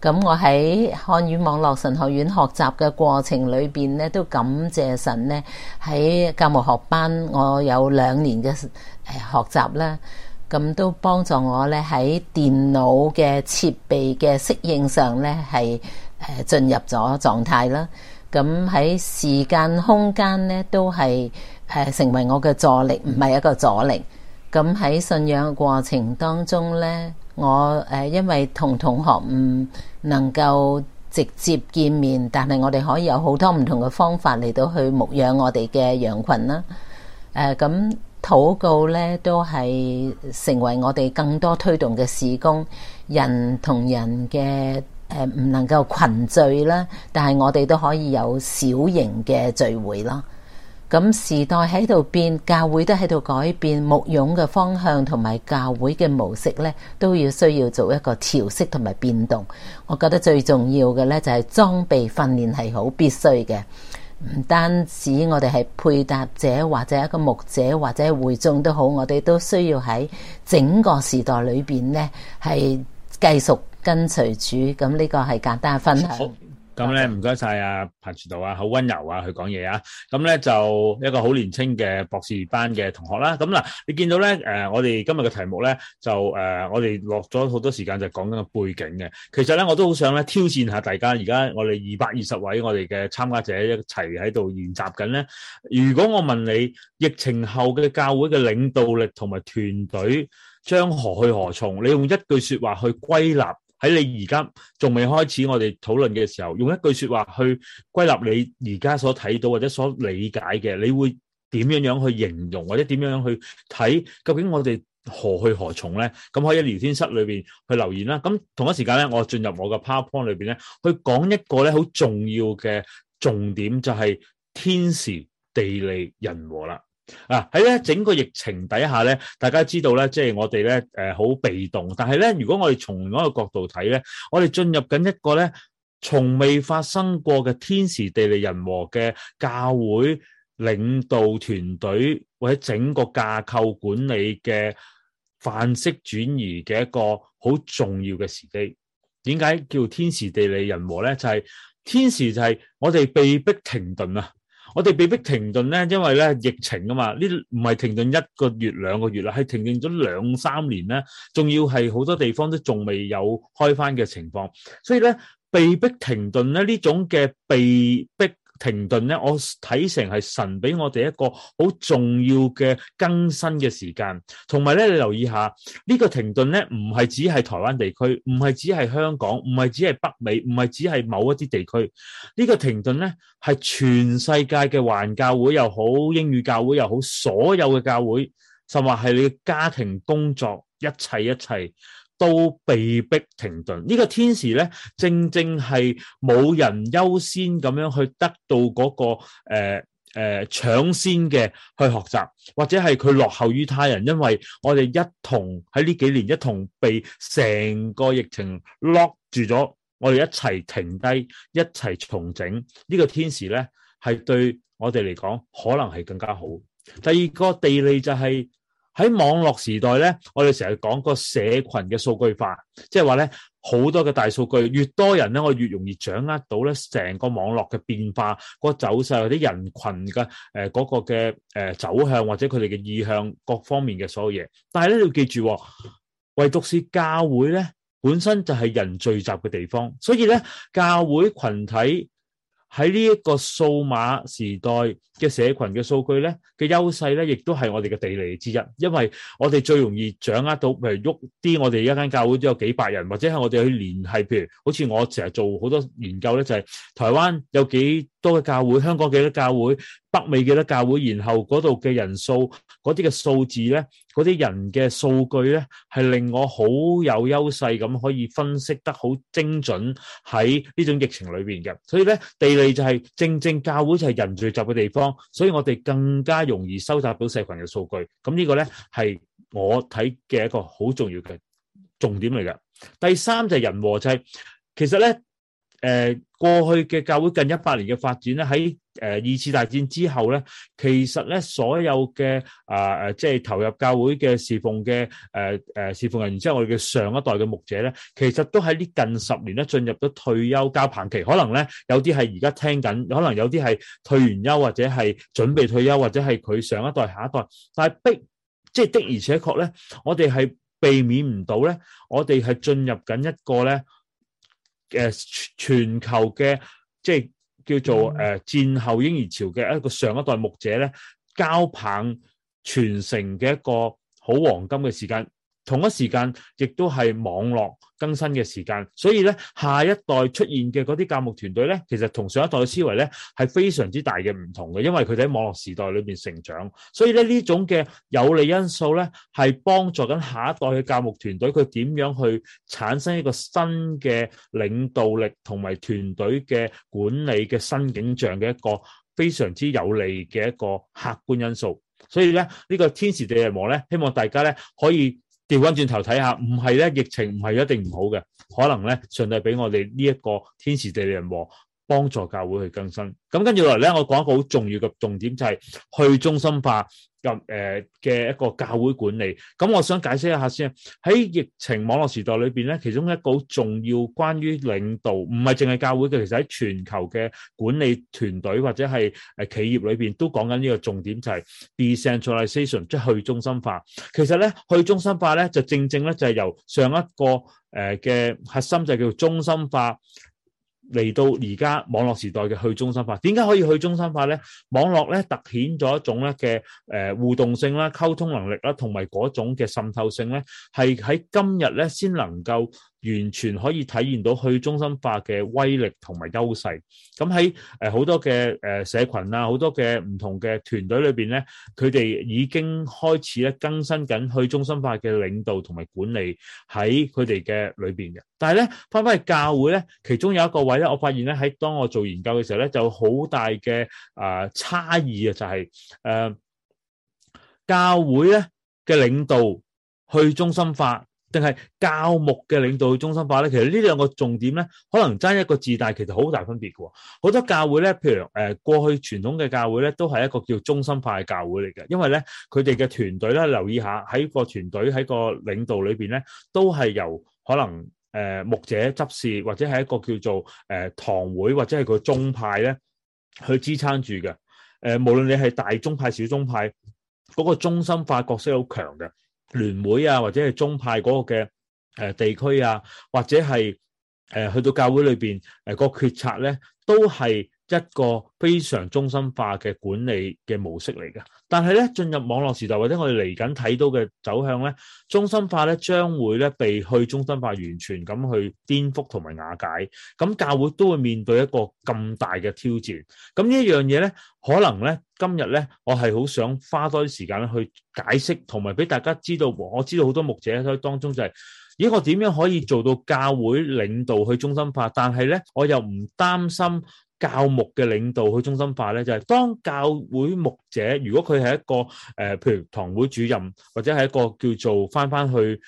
咁我喺漢語網絡神學院學習嘅過程裏邊呢，都感謝神呢，喺教牧學班，我有兩年嘅。誒學習啦，咁都幫助我咧喺電腦嘅設備嘅適應上咧，係誒進入咗狀態啦。咁喺時間空間咧，都係誒成為我嘅助力，唔係一個阻力。咁喺信仰嘅過程當中咧，我誒因為同同學唔能夠直接見面，但係我哋可以有好多唔同嘅方法嚟到去牧養我哋嘅羊群啦。誒咁。禱告咧都係成為我哋更多推動嘅事工，人同人嘅誒唔能夠群聚啦，但係我哋都可以有小型嘅聚會啦，咁、嗯、時代喺度變，教會都喺度改變牧養，嘅方向同埋教會嘅模式咧，都要需要做一個調適同埋變動，我覺得最重要嘅咧就係、是、裝備訓練係好必須嘅。唔單止我哋係配搭者，或者一個牧者，或者會眾都好，我哋都需要喺整個時代裏邊咧，係繼續跟隨主。咁呢個係簡單分享。咁咧唔該晒啊彭傳道啊，好溫柔啊佢講嘢啊，咁咧就一個好年青嘅博士班嘅同學啦、啊。咁嗱，你見到咧誒、呃，我哋今日嘅題目咧就誒、呃，我哋落咗好多時間就講緊個背景嘅。其實咧我都好想咧挑戰下大家，而家我哋二百二十位我哋嘅參加者一齊喺度研習緊咧。如果我問你疫情後嘅教會嘅領導力同埋團隊將何去何從，你用一句説話去歸納？喺你而家仲未開始我哋討論嘅時候，用一句説話去歸納你而家所睇到或者所理解嘅，你會點樣樣去形容或者點樣樣去睇？究竟我哋何去何從咧？咁可以喺聊天室裏邊去留言啦。咁同一時間咧，我進入我嘅 PowerPoint 裏邊咧，去講一個咧好重要嘅重點，就係天時地利人和啦。嗱喺咧整個疫情底下咧，大家知道咧，即係我哋咧誒，好被動。但係咧，如果我哋從嗰個角度睇咧，我哋進入緊一個咧從未發生過嘅天時地利人和嘅教會領導團隊或者整個架構管理嘅範式轉移嘅一個好重要嘅時機。點解叫天時地利人和咧？就係天時就係我哋被迫停頓啊！我哋被逼停頓咧，因為咧疫情啊嘛，呢唔係停頓一個月兩個月啦，係停頓咗兩三年咧，仲要係好多地方都仲未有開翻嘅情況，所以咧被逼停頓咧呢種嘅被逼。停頓咧，我睇成係神俾我哋一個好重要嘅更新嘅時間，同埋咧，你留意下呢個停頓咧，唔係只係台灣地區，唔係只係香港，唔係只係北美，唔係只係某一啲地區。呢個停頓咧，係全世界嘅華人教會又好，英語教會又好，所有嘅教會，甚至係你嘅家庭、工作，一切一切。都被逼停頓，呢、這個天時咧，正正係冇人優先咁樣去得到嗰、那個誒誒搶先嘅去學習，或者係佢落後於他人，因為我哋一同喺呢幾年一同被成個疫情 lock 住咗，我哋一齊停低，一齊重整呢、這個天時咧，係對我哋嚟講可能係更加好。第二個地利就係、是。喺網絡時代咧，我哋成日講個社群嘅數據化，即係話咧，好多嘅大數據，越多人咧，我越容易掌握到咧成個網絡嘅變化、個走勢、啲人群嘅誒嗰個嘅誒走向或者佢哋嘅意向各方面嘅所有嘢。但係咧，你要記住、哦，唯獨是教會咧本身就係人聚集嘅地方，所以咧教會群體。喺呢一個數碼時代嘅社群嘅數據咧嘅優勢咧，亦都係我哋嘅地理之一，因為我哋最容易掌握到，譬如喐啲我哋一間教會都有幾百人，或者係我哋去聯繫，譬如好似我成日做好多研究咧，就係台灣有幾多嘅教會，香港幾多教會，北美幾多教會，然後嗰度嘅人數。嗰啲嘅數字咧，嗰啲人嘅數據咧，係令我好有優勢咁，可以分析得好精準喺呢種疫情裏邊嘅。所以咧，地利就係、是、正正教會就係人聚集嘅地方，所以我哋更加容易收集到社群嘅數據。咁呢個咧係我睇嘅一個好重要嘅重點嚟嘅。第三就係人和，就係、是、其實咧。誒，過去嘅教會近一百年嘅發展咧，喺誒二次大戰之後咧，其實咧所有嘅啊誒，即係投入教會嘅侍奉嘅誒誒侍奉人員，然之後我哋嘅上一代嘅牧者咧，其實都喺呢近十年咧進入咗退休交棒期，可能咧有啲係而家聽緊，可能有啲係退完休或者係準備退休，或者係佢上一代下一代，但係逼即係的而且確咧，我哋係避免唔到咧，我哋係進入緊一個咧。嘅全球嘅即係叫做誒、呃、戰後嬰兒潮嘅一個上一代牧者咧，交棒傳承嘅一個好黃金嘅時間。同一時間，亦都係網絡更新嘅時間，所以咧，下一代出現嘅嗰啲教牧團隊咧，其實同上一代嘅思維咧，係非常之大嘅唔同嘅，因為佢哋喺網絡時代裏邊成長，所以咧呢種嘅有利因素咧，係幫助緊下一代嘅教牧團隊佢點樣去產生一個新嘅領導力同埋團隊嘅管理嘅新景象嘅一個非常之有利嘅一個客觀因素。所以咧，呢個天時地利人和咧，希望大家咧可以。調翻轉頭睇下，唔係咧，疫情唔係一定唔好嘅，可能咧，上帝俾我哋呢一個天時地利人和。幫助教會去更新，咁跟住落嚟咧，我講一個好重要嘅重點就係去中心化，咁誒嘅一個教會管理。咁我想解釋一下先啊，喺疫情網絡時代裏邊咧，其中一個好重要關於領導，唔係淨係教會嘅，其實喺全球嘅管理團隊或者係誒企業裏邊都講緊呢個重點，就係 decentralization，即係去中心化。其實咧，去中心化咧就正正咧就係由上一個誒嘅核心就係叫做中心化。嚟到而家網絡時代嘅去中心化，點解可以去中心化咧？網絡咧凸顯咗一種咧嘅誒互動性啦、溝通能力啦，同埋嗰種嘅滲透性咧，係喺今日咧先能夠，完全可以體現到去中心化嘅威力同埋優勢。咁喺誒好多嘅誒社群啊，好多嘅唔同嘅團隊裏邊咧，佢哋已經開始咧更新緊去中心化嘅領導同埋管理喺佢哋嘅裏邊嘅。但係咧，翻返去教會咧，其中有一個位咧，我發現咧喺當我做研究嘅時候咧，就好大嘅誒差異啊，就係誒教會咧嘅領導去中心化。定係教牧嘅領導去中心化咧，其實呢兩個重點咧，可能爭一個字，但係其實好大分別嘅喎。好多教會咧，譬如誒過去傳統嘅教會咧，都係一個叫中心派教會嚟嘅，因為咧佢哋嘅團隊咧，留意下喺個團隊喺個領導裏邊咧，都係由可能誒牧者執事或者係一個叫做誒堂會或者係個宗派咧去支撐住嘅。誒無論你係大宗派、小宗派，嗰個中心化角色好強嘅。聯會啊，或者係宗派嗰個嘅誒地區啊，或者係誒、呃、去到教會裏邊誒、呃嗰個決策咧，都係。一個非常中心化嘅管理嘅模式嚟㗎，但係咧進入網絡時代或者我哋嚟緊睇到嘅走向咧，中心化咧將會咧被去中心化完全咁去顛覆同埋瓦解，咁教會都會面對一個咁大嘅挑戰。咁呢一樣嘢咧，可能咧今日咧，我係好想花多啲時間咧去解釋同埋俾大家知道，我知道好多牧者喺當中就係咦，我點樣可以做到教會領導去中心化，但係咧我又唔擔心。教牧嘅領導去中心化咧，就係當教會牧者，如果佢係一個誒，譬如堂會主任，或者係一個叫做返返去誒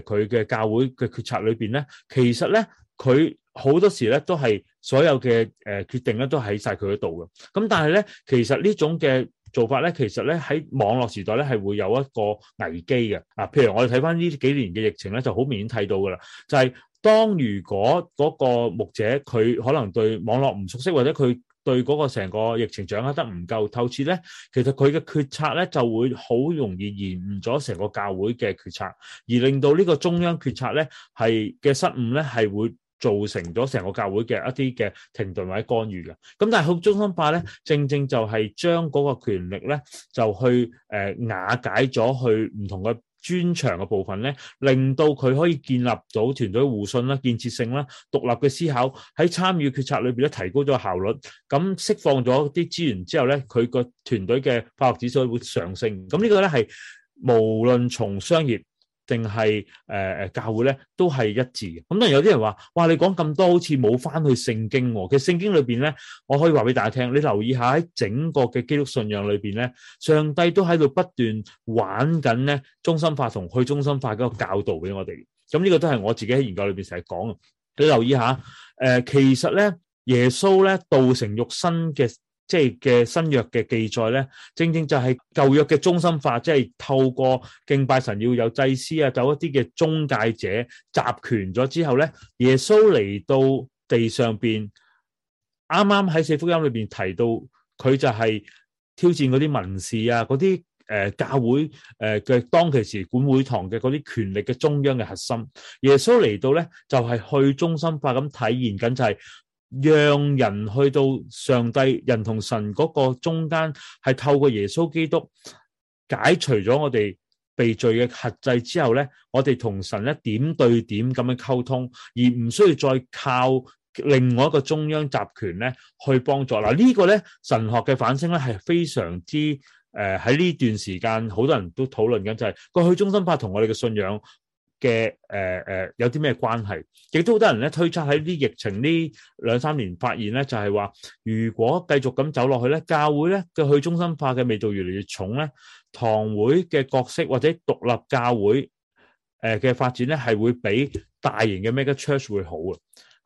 佢嘅教會嘅決策裏邊咧，其實咧佢好多時咧都係所有嘅誒決定咧都喺晒佢嗰度嘅。咁但係咧，其實呢種嘅做法咧，其實咧喺網絡時代咧係會有一個危機嘅。啊，譬如我哋睇返呢幾年嘅疫情咧，就好明顯睇到㗎喇，就係，當如果嗰個牧者佢可能對網絡唔熟悉，或者佢對嗰個成個疫情掌握得唔夠透徹咧，其實佢嘅決策咧就會好容易延誤咗成個教會嘅決策，而令到呢個中央決策咧係嘅失誤咧係會造成咗成個教會嘅一啲嘅停頓或者干預嘅。咁但係好中心化咧，正正就係將嗰個權力咧就去誒瓦解咗去唔同嘅。專長嘅部分咧，令到佢可以建立到團隊互信啦、建設性啦、獨立嘅思考喺參與決策裏邊咧，提高咗效率，咁釋放咗啲資源之後咧，佢個團隊嘅快樂指數會上升。咁呢個咧係無論從商業，定係誒誒教會咧，都係一致嘅。咁當然有啲人話，哇，你講咁多好似冇翻去聖經喎。其實聖經裏邊咧，我可以話俾大家聽，你留意下喺整個嘅基督信仰裏邊咧，上帝都喺度不斷玩緊咧中心化同去中心化嗰個教導俾我哋。咁呢個都係我自己喺研究裏邊成日講嘅。你留意下，誒，其實咧耶穌咧道成肉身嘅。即係嘅新約嘅記載咧，正正就係舊約嘅中心化，即係透過敬拜神要有祭司啊，就一啲嘅中介者集權咗之後咧，耶穌嚟到地上邊，啱啱喺四福音裏邊提到佢就係挑戰嗰啲文士啊，嗰啲誒教會誒嘅當其時管會堂嘅嗰啲權力嘅中央嘅核心，耶穌嚟到咧就係去中心化咁體現緊就係。讓人去到上帝、人同神嗰個中間，係透過耶穌基督解除咗我哋被罪嘅轄制之後咧，我哋同神咧點對點咁樣溝通，而唔需要再靠另外一個中央集權咧去幫助。嗱、這個、呢個咧神學嘅反省咧係非常之誒喺呢段時間好多人都討論緊，就係、是、過去中心法同我哋嘅信仰。嘅誒誒有啲咩關係？亦都好多人咧推測喺啲疫情呢兩三年發現咧，就係話如果繼續咁走落去咧，教會咧嘅去中心化嘅味道越嚟越重咧，堂會嘅角色或者獨立教會誒嘅發展咧，係會比大型嘅 mega church 會好嘅。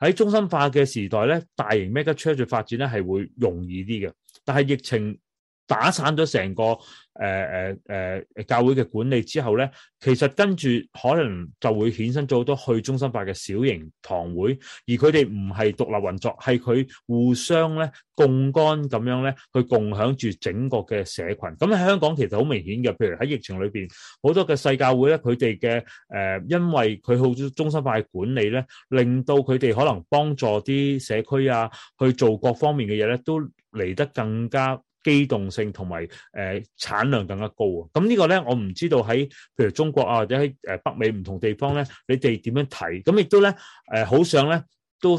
喺中心化嘅時代咧，大型 mega church 嘅發展咧係會容易啲嘅，但係疫情，打散咗成個誒誒誒教會嘅管理之後咧，其實跟住可能就會衍生咗好多去中心化嘅小型堂會，而佢哋唔係獨立運作，係佢互相咧槓桿咁樣咧去共享住整個嘅社群。咁喺香港其實好明顯嘅，譬如喺疫情裏邊，好多嘅細教會咧，佢哋嘅誒，因為佢好中心化嘅管理咧，令到佢哋可能幫助啲社區啊去做各方面嘅嘢咧，都嚟得更加機動性同埋誒產量更加高啊！咁呢個咧，我唔知道喺譬如中國啊，或者喺誒北美唔同地方咧，你哋點樣睇？咁亦都咧誒，好想咧都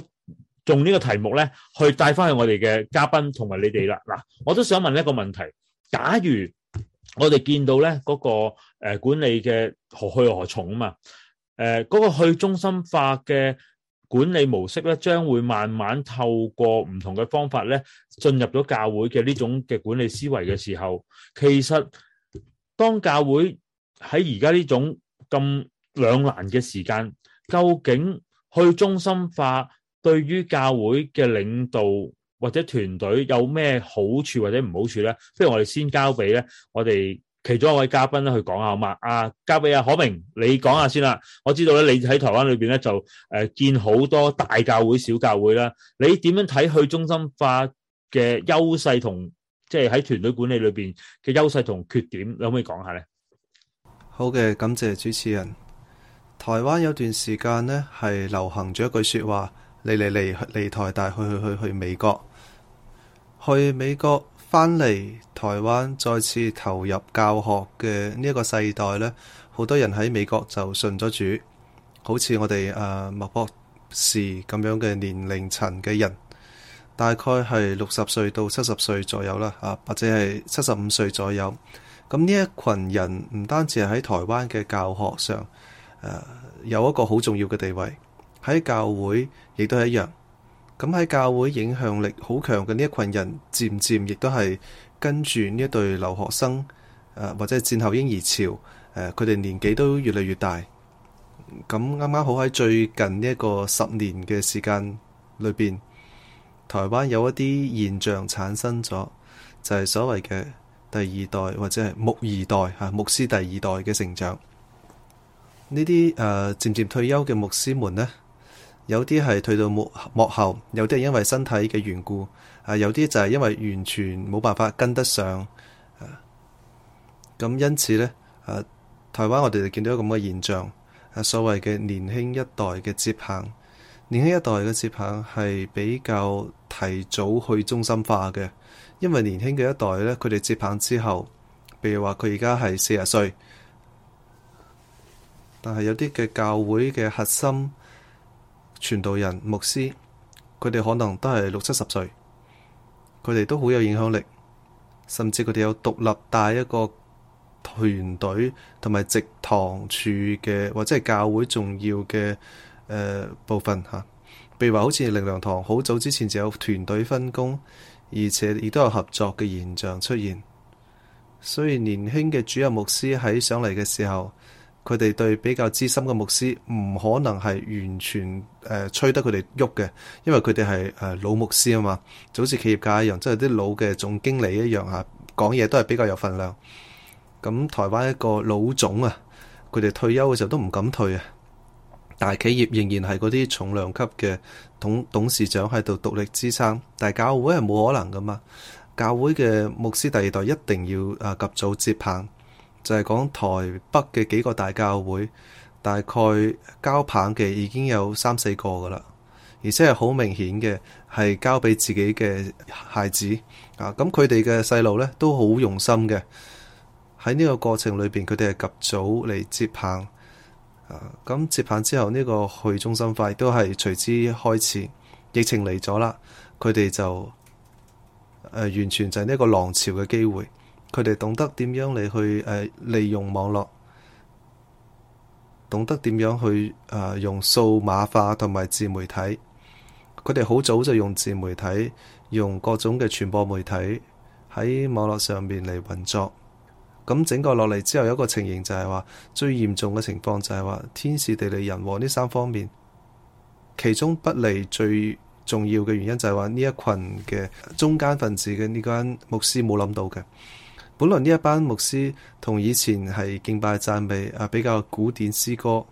用呢個題目咧，去帶翻去我哋嘅嘉賓同埋你哋啦。嗱，我都想問一個問題：假如我哋見到咧嗰個誒管理嘅何去何從啊嘛？誒嗰個去中心化嘅。管理模式咧，將會慢慢透過唔同嘅方法咧，進入咗教會嘅呢種嘅管理思維嘅時候，其實當教會喺而家呢種咁兩難嘅時間，究竟去中心化對於教會嘅領導或者團隊有咩好處或者唔好處咧？不如我哋先交俾咧我哋。其中一位嘉賓咧去講下好嘛？啊，交俾阿可明，你講下先啦。我知道咧，你喺台灣裏邊咧就誒、呃、見好多大教會、小教會啦。你點樣睇去中心化嘅優勢同即係喺團隊管理裏邊嘅優勢同缺點？你可唔可以講下咧？好嘅，感謝主持人。台灣有段時間咧係流行咗一句説話：嚟嚟嚟嚟台大，去去去去美國，去美國。翻嚟台灣再次投入教學嘅呢一個世代呢，好多人喺美國就信咗主，好似我哋誒麥博士咁樣嘅年齡層嘅人，大概係六十歲到七十歲左右啦，啊，或者係七十五歲左右。咁呢一群人唔單止係喺台灣嘅教學上，啊，有一個好重要嘅地位，喺教會亦都係一樣。咁喺教會影響力好強嘅呢一群人，漸漸亦都係跟住呢一對留學生，誒、呃、或者係戰後嬰兒潮，誒佢哋年紀都越嚟越大。咁啱啱好喺最近呢一個十年嘅時間裏邊，台灣有一啲現象產生咗，就係所謂嘅第二代或者係牧二代吓牧師第二代嘅成長。呢啲誒漸漸退休嘅牧師們呢，有啲係退到幕幕後，有啲係因為身體嘅緣故，啊有啲就係因為完全冇辦法跟得上，咁因此呢，誒台灣我哋就見到咁嘅現象，誒所謂嘅年輕一代嘅接棒，年輕一代嘅接棒係比較提早去中心化嘅，因為年輕嘅一代呢，佢哋接棒之後，譬如話佢而家係四十歲，但係有啲嘅教會嘅核心。傳道人、牧師，佢哋可能都係六七十歲，佢哋都好有影響力，甚至佢哋有獨立帶一個團隊，同埋直堂處嘅或者係教會重要嘅誒、呃、部分吓。譬如話好似靈糧堂，好早之前就有團隊分工，而且亦都有合作嘅現象出現。所以年輕嘅主任牧師喺上嚟嘅時候。佢哋對比較資深嘅牧師唔可能係完全誒、呃、吹得佢哋喐嘅，因為佢哋係誒老牧師啊嘛，就好似企業家一樣，即係啲老嘅總經理一樣啊，講嘢都係比較有份量。咁台灣一個老總啊，佢哋退休嘅時候都唔敢退啊，但係企業仍然係嗰啲重量級嘅董董事長喺度獨力支撐，但係教會係冇可能噶嘛，教會嘅牧師第二代一定要誒、啊、及早接棒。就係講台北嘅幾個大教會，大概交棒嘅已經有三四個噶啦，而且係好明顯嘅，係交俾自己嘅孩子啊。咁佢哋嘅細路咧都好用心嘅，喺呢個過程裏邊，佢哋係及早嚟接棒啊。咁接棒之後，呢、呢個去中心化都係隨之開始。疫情嚟咗啦，佢哋就誒、啊、完全就係呢個浪潮嘅機會。佢哋懂得點樣嚟，去誒，利用網絡，懂得點樣去誒用數碼化同埋自媒體。佢哋好早就用自媒體，用各種嘅傳播媒體喺網絡上面嚟運作。咁整個落嚟之後，有一個情形就係話，最嚴重嘅情況就係話天時地利人和呢三方面，其中不利最重要嘅原因就係話呢一群嘅中間分子嘅呢間牧師冇諗到嘅。本來呢一班牧師同以前係敬拜讚美啊，比較古典詩歌。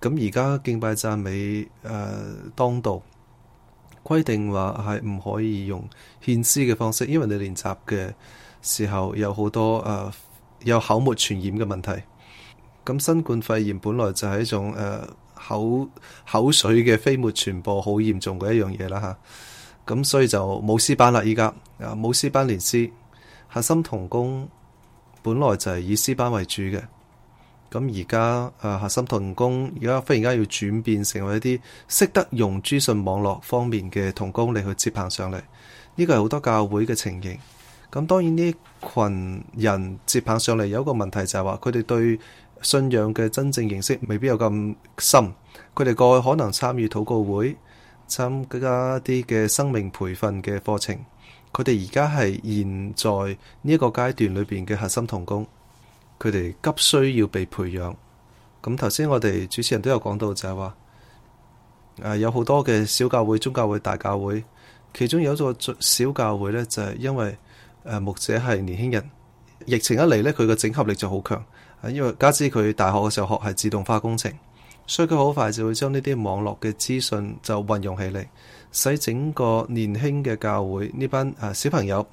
咁而家敬拜讚美誒、啊、當道，規定話係唔可以用獻詩嘅方式，因為你練習嘅時候有好多誒、啊、有口沫傳染嘅問題。咁新冠肺炎本來就係一種誒、啊、口口水嘅飛沫傳播好嚴重嘅一樣嘢啦嚇。咁、啊、所以就冇詩班啦，依家啊冇詩班練詩。核心同工本來就係以私班為主嘅，咁而家誒核心同工而家忽然間要轉變成為一啲識得用資訊網絡方面嘅同工嚟去接棒上嚟，呢、這個係好多教會嘅情形。咁當然呢群人接棒上嚟有一個問題就係話，佢哋對信仰嘅真正認識未必有咁深，佢哋過去可能參與禱告會，參加一啲嘅生命培訓嘅課程。佢哋而家係現在呢一個階段裏邊嘅核心同工，佢哋急需要被培養。咁頭先我哋主持人都有講到就，就係話，誒有好多嘅小教會、中教會、大教會，其中有一個小教會呢，就係因為誒牧者係年輕人，疫情一嚟呢，佢嘅整合力就好強，因為加之佢大學嘅時候學係自動化工程，所以佢好快就會將呢啲網絡嘅資訊就運用起嚟。使整個年輕嘅教會呢班啊小朋友、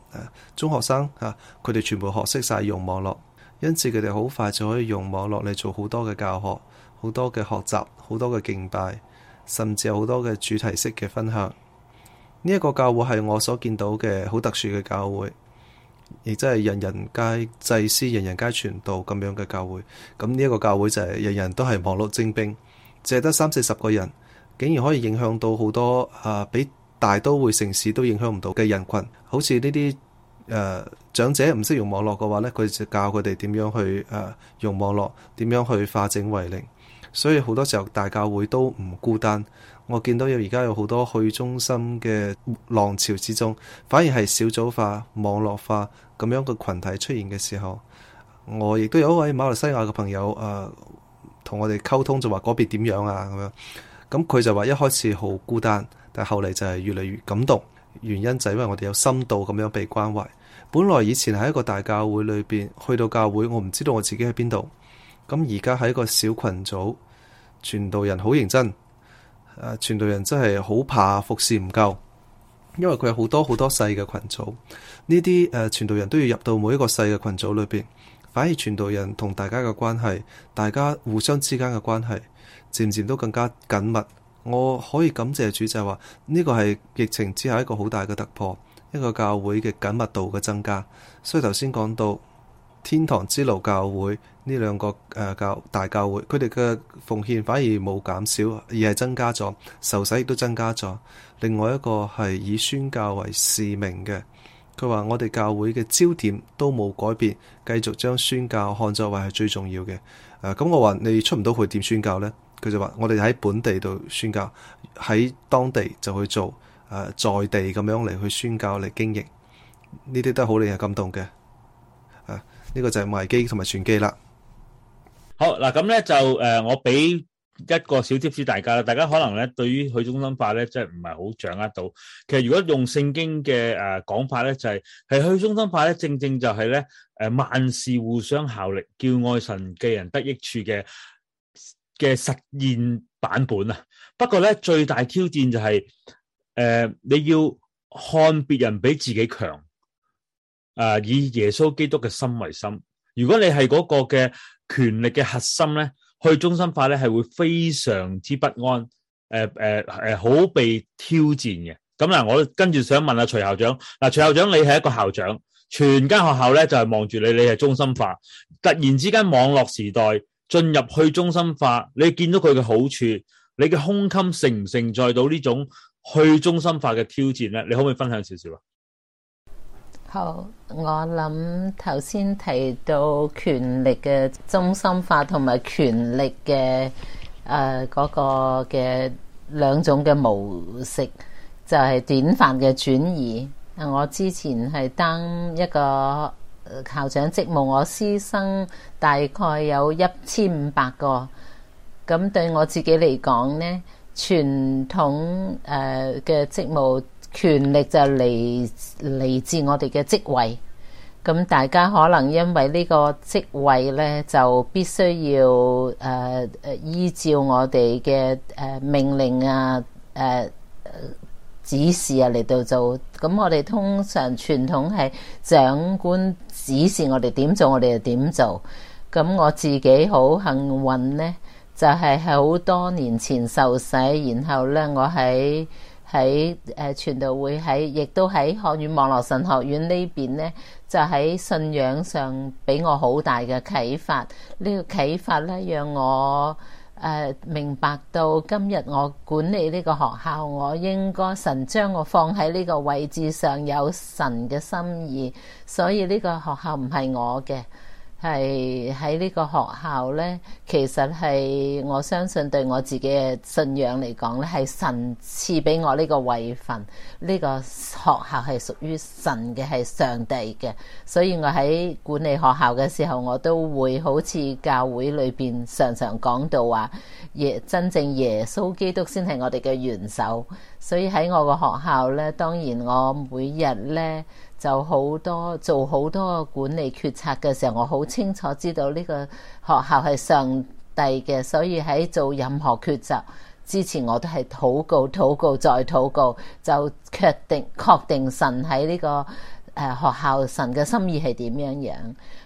中學生啊，佢哋全部學識晒用網絡，因此佢哋好快就可以用網絡嚟做好多嘅教學、好多嘅學習、好多嘅敬拜，甚至有好多嘅主題式嘅分享。呢、這、一個教會係我所見到嘅好特殊嘅教會，亦即係人人皆祭司、人人皆傳道咁樣嘅教會。咁呢一個教會就係、是、人人都係網絡精兵，只係得三四十個人。竟然可以影響到好多啊、呃！比大都會城市都影響唔到嘅人群，好似呢啲誒長者唔識用網絡嘅話咧，佢就教佢哋點樣去誒、呃、用網絡，點樣去化整為零。所以好多時候大教會都唔孤單。我見到有而家有好多去中心嘅浪潮之中，反而係小組化、網絡化咁樣嘅群體出現嘅時候，我亦都有一位馬來西亞嘅朋友誒，同、呃、我哋溝通就話嗰邊點樣啊咁樣。咁佢就話一開始好孤單，但係後嚟就係越嚟越感動，原因就係因為我哋有深度咁樣被關懷。本來以前喺一個大教會裏邊，去到教會我唔知道我自己喺邊度。咁而家喺一個小群組，傳道人好認真。誒，傳道人真係好怕服侍唔夠，因為佢有好多好多細嘅群組。呢啲誒傳道人都要入到每一個細嘅群組裏邊，反而傳道人同大家嘅關係，大家互相之間嘅關係。漸漸都更加緊密，我可以感謝主就係話呢個係疫情之後一個好大嘅突破，一個教會嘅緊密度嘅增加。所以頭先講到天堂之路教會呢兩個誒、呃、教大教會，佢哋嘅奉獻反而冇減少，而係增加咗，受洗亦都增加咗。另外一個係以宣教為使命嘅，佢話我哋教會嘅焦點都冇改變，繼續將宣教看作為係最重要嘅。誒、呃、咁，我話你出唔到去點宣教呢？佢就話：我哋喺本地度宣教，喺當地就去做誒，在地咁樣嚟去宣教嚟經營，呢啲都好令人感動嘅。啊，呢、這個就係危機同埋轉機啦。好嗱，咁咧就誒，我俾一個小貼士大家啦。大家可能咧對於去中心化咧，即係唔係好掌握到。其實如果用聖經嘅誒講法咧、就是，就係係去中心化咧，正正就係咧誒萬事互相效力，叫愛神嘅人得益處嘅。嘅實現版本啊，不過咧，最大挑戰就係、是、誒、呃、你要看別人比自己強啊、呃，以耶穌基督嘅心為心。如果你係嗰個嘅權力嘅核心咧，去中心化咧，係會非常之不安誒誒誒，好、呃呃、被挑戰嘅。咁嗱，我跟住想問下徐校長，嗱徐校長你係一個校長，全間學校咧就係、是、望住你，你係中心化，突然之間網絡時代。進入去中心化，你見到佢嘅好處，你嘅胸襟承唔承載到呢種去中心化嘅挑戰呢？你可唔可以分享少少啊？好，我諗頭先提到權力嘅中心化同埋權力嘅誒嗰個嘅兩種嘅模式，就係典範嘅轉移。我之前係當一個。校長職務，我師生大概有一千五百個。咁對我自己嚟講呢，傳統誒嘅職務權力就嚟嚟自我哋嘅職位。咁大家可能因為呢個職位呢，就必須要誒、呃、依照我哋嘅命令啊，呃、指示啊，嚟到做。咁我哋通常傳統係長官。指示我哋點做，我哋就點做。咁我自己好幸運呢，就係喺好多年前受洗，然後呢，我喺喺誒傳道會喺，亦都喺漢語網絡神學院呢邊呢，就喺信仰上俾我好大嘅啟發。呢個啟發呢，讓我誒、呃，明白到今日我管理呢個學校，我應該神將我放喺呢個位置上，有神嘅心意，所以呢個學校唔係我嘅。係喺呢個學校呢，其實係我相信對我自己嘅信仰嚟講呢，係神賜俾我呢個位份，呢個學校係屬於神嘅，係上帝嘅。所以我喺管理學校嘅時候，我都會好似教會裏邊常常講到話，耶，真正耶穌基督先係我哋嘅元首。所以喺我個學校呢，當然我每日呢。就好多做好多管理決策嘅時候，我好清楚知道呢個學校係上帝嘅，所以喺做任何抉擇之前，我都係禱告、禱告再禱告，就確定確定神喺呢、這個誒、呃、學校神嘅心意係點樣樣，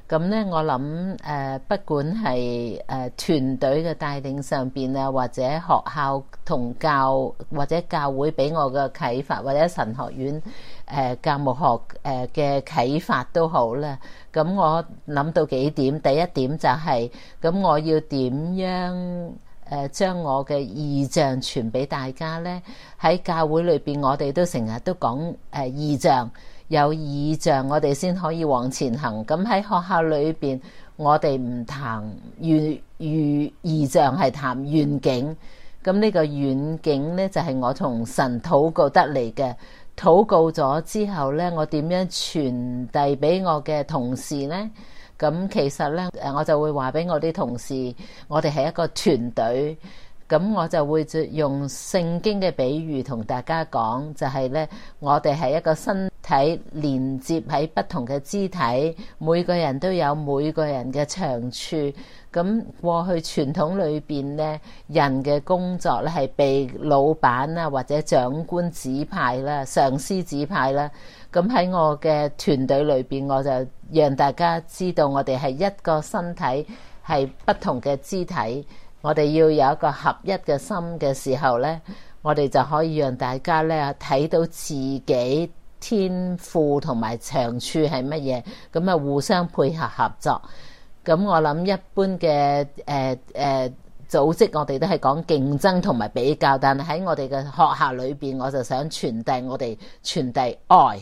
咁咧，我諗誒、呃、不管係誒、呃、團隊嘅帶領上邊啊，或者學校同教或者教會俾我嘅啟發或者神學院。誒教牧學誒嘅啟發都好啦，咁我諗到幾點，第一點就係、是、咁，我要點樣誒將我嘅異象傳俾大家呢？喺教會裏邊，我哋都成日都講誒、呃、異象，有異象我哋先可以往前行。咁喺學校裏邊，我哋唔談異象，係談願景。咁呢個願景呢，就係、是、我同神禱告得嚟嘅。禱告咗之後咧，我點樣傳遞俾我嘅同事咧？咁其實咧，誒我就會話俾我啲同事，我哋係一個團隊，咁我就會用聖經嘅比喻同大家講，就係咧，我哋係一個新睇連接喺不同嘅肢體，每個人都有每個人嘅長處，咁過去傳統裏邊咧，人嘅工作咧係被老闆啊或者長官指派啦、上司指派啦。咁喺我嘅團隊裏邊，我就讓大家知道，我哋係一個身體係不同嘅肢體，我哋要有一個合一嘅心嘅時候咧，我哋就可以讓大家咧睇到自己。天賦同埋長處係乜嘢？咁啊互相配合合作。咁我諗一般嘅誒誒組織，我哋都係講競爭同埋比較。但係喺我哋嘅學校裏邊，我就想傳遞我哋，傳遞愛，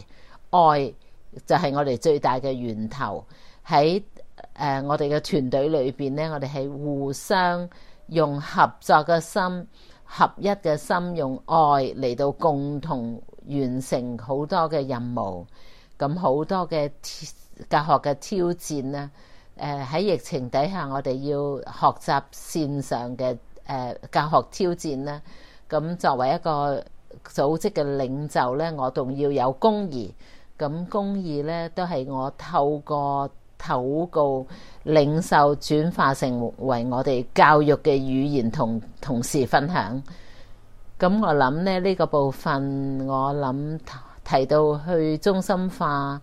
愛就係我哋最大嘅源頭。喺誒、呃、我哋嘅團隊裏邊呢，我哋係互相用合作嘅心、合一嘅心，用愛嚟到共同完成好多嘅任務，咁好多嘅教學嘅挑戰啦。誒、呃，喺疫情底下，我哋要學習綫上嘅誒、呃、教學挑戰啦。咁、呃、作為一個組織嘅領袖咧，我仲要有公義，咁、呃、公義咧都係我透過禱告領袖轉化成為我哋教育嘅語言同，同同事分享。咁我諗咧，呢、這個部分我諗提到去中心化，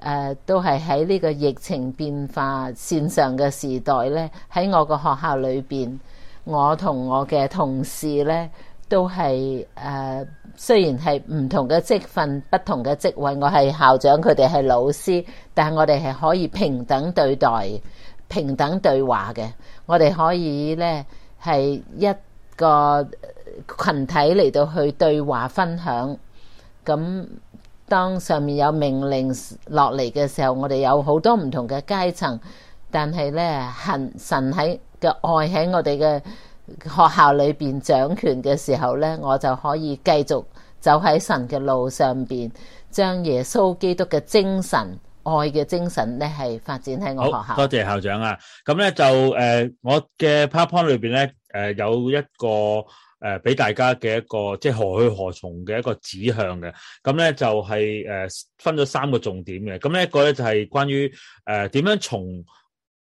誒、呃、都係喺呢個疫情變化線上嘅時代呢，喺我個學校裏邊，我同我嘅同事呢，都係誒、呃，雖然係唔同嘅職份、不同嘅職位，我係校長，佢哋係老師，但係我哋係可以平等對待、平等對話嘅。我哋可以呢係一個。群體嚟到去對話分享，咁當上面有命令落嚟嘅時候，我哋有好多唔同嘅階層，但係呢，神神喺嘅愛喺我哋嘅學校裏邊掌權嘅時候呢，我就可以繼續走喺神嘅路上邊，將耶穌基督嘅精神、愛嘅精神呢係發展喺我學校。多謝校長啊！咁、呃、呢，就、呃、誒，我嘅 PowerPoint 裏邊呢，誒有一個。誒俾、呃、大家嘅一個即係何去何從嘅一個指向嘅，咁咧就係、是、誒、呃、分咗三個重點嘅，咁呢一個咧就係關於誒點樣從誒、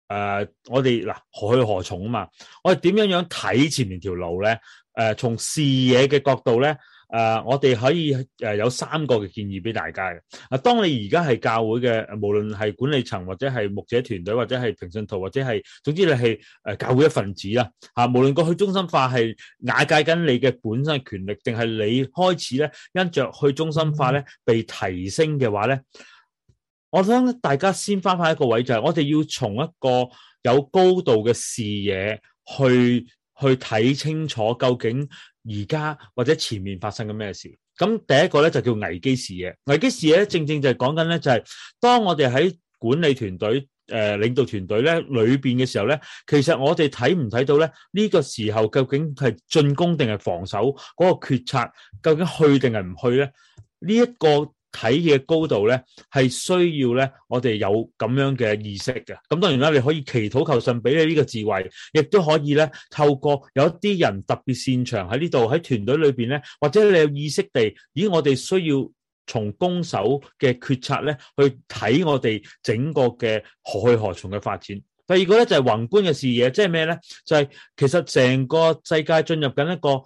呃、我哋嗱何去何從啊嘛，我哋點樣樣睇前面條路咧？誒、呃、從視野嘅角度咧。誒，uh, 我哋可以誒、uh, 有三個嘅建議俾大家嘅。啊、uh，當你而家係教會嘅，無論係管理層或者係牧者團隊，或者係平信徒，或者係，總之你係誒、uh, 教會一份子啦。吓、啊，無論個去中心化係瓦解緊你嘅本身權力，定係你開始咧因着去中心化咧被提升嘅話咧，我想大家先翻翻一個位就係、是，我哋要從一個有高度嘅視野去去睇清楚究竟。而家或者前面發生緊咩事？咁第一個咧就叫危機視野。危機視野正正就係講緊咧，就係當我哋喺管理團隊誒、呃、領導團隊咧裏邊嘅時候咧，其實我哋睇唔睇到咧呢、這個時候究竟係進攻定係防守嗰、那個決策，究竟去定係唔去咧？呢、這、一個。睇嘢高度咧，係需要咧，我哋有咁樣嘅意識嘅。咁當然啦，你可以祈禱求神俾你呢個智慧，亦都可以咧透過有一啲人特別擅長喺呢度喺團隊裏邊咧，或者你有意識地，以我哋需要從攻守嘅決策咧，去睇我哋整個嘅何去何從嘅發展。第二個咧就係宏觀嘅視野，即係咩咧？就係其實成個世界進入緊一個誒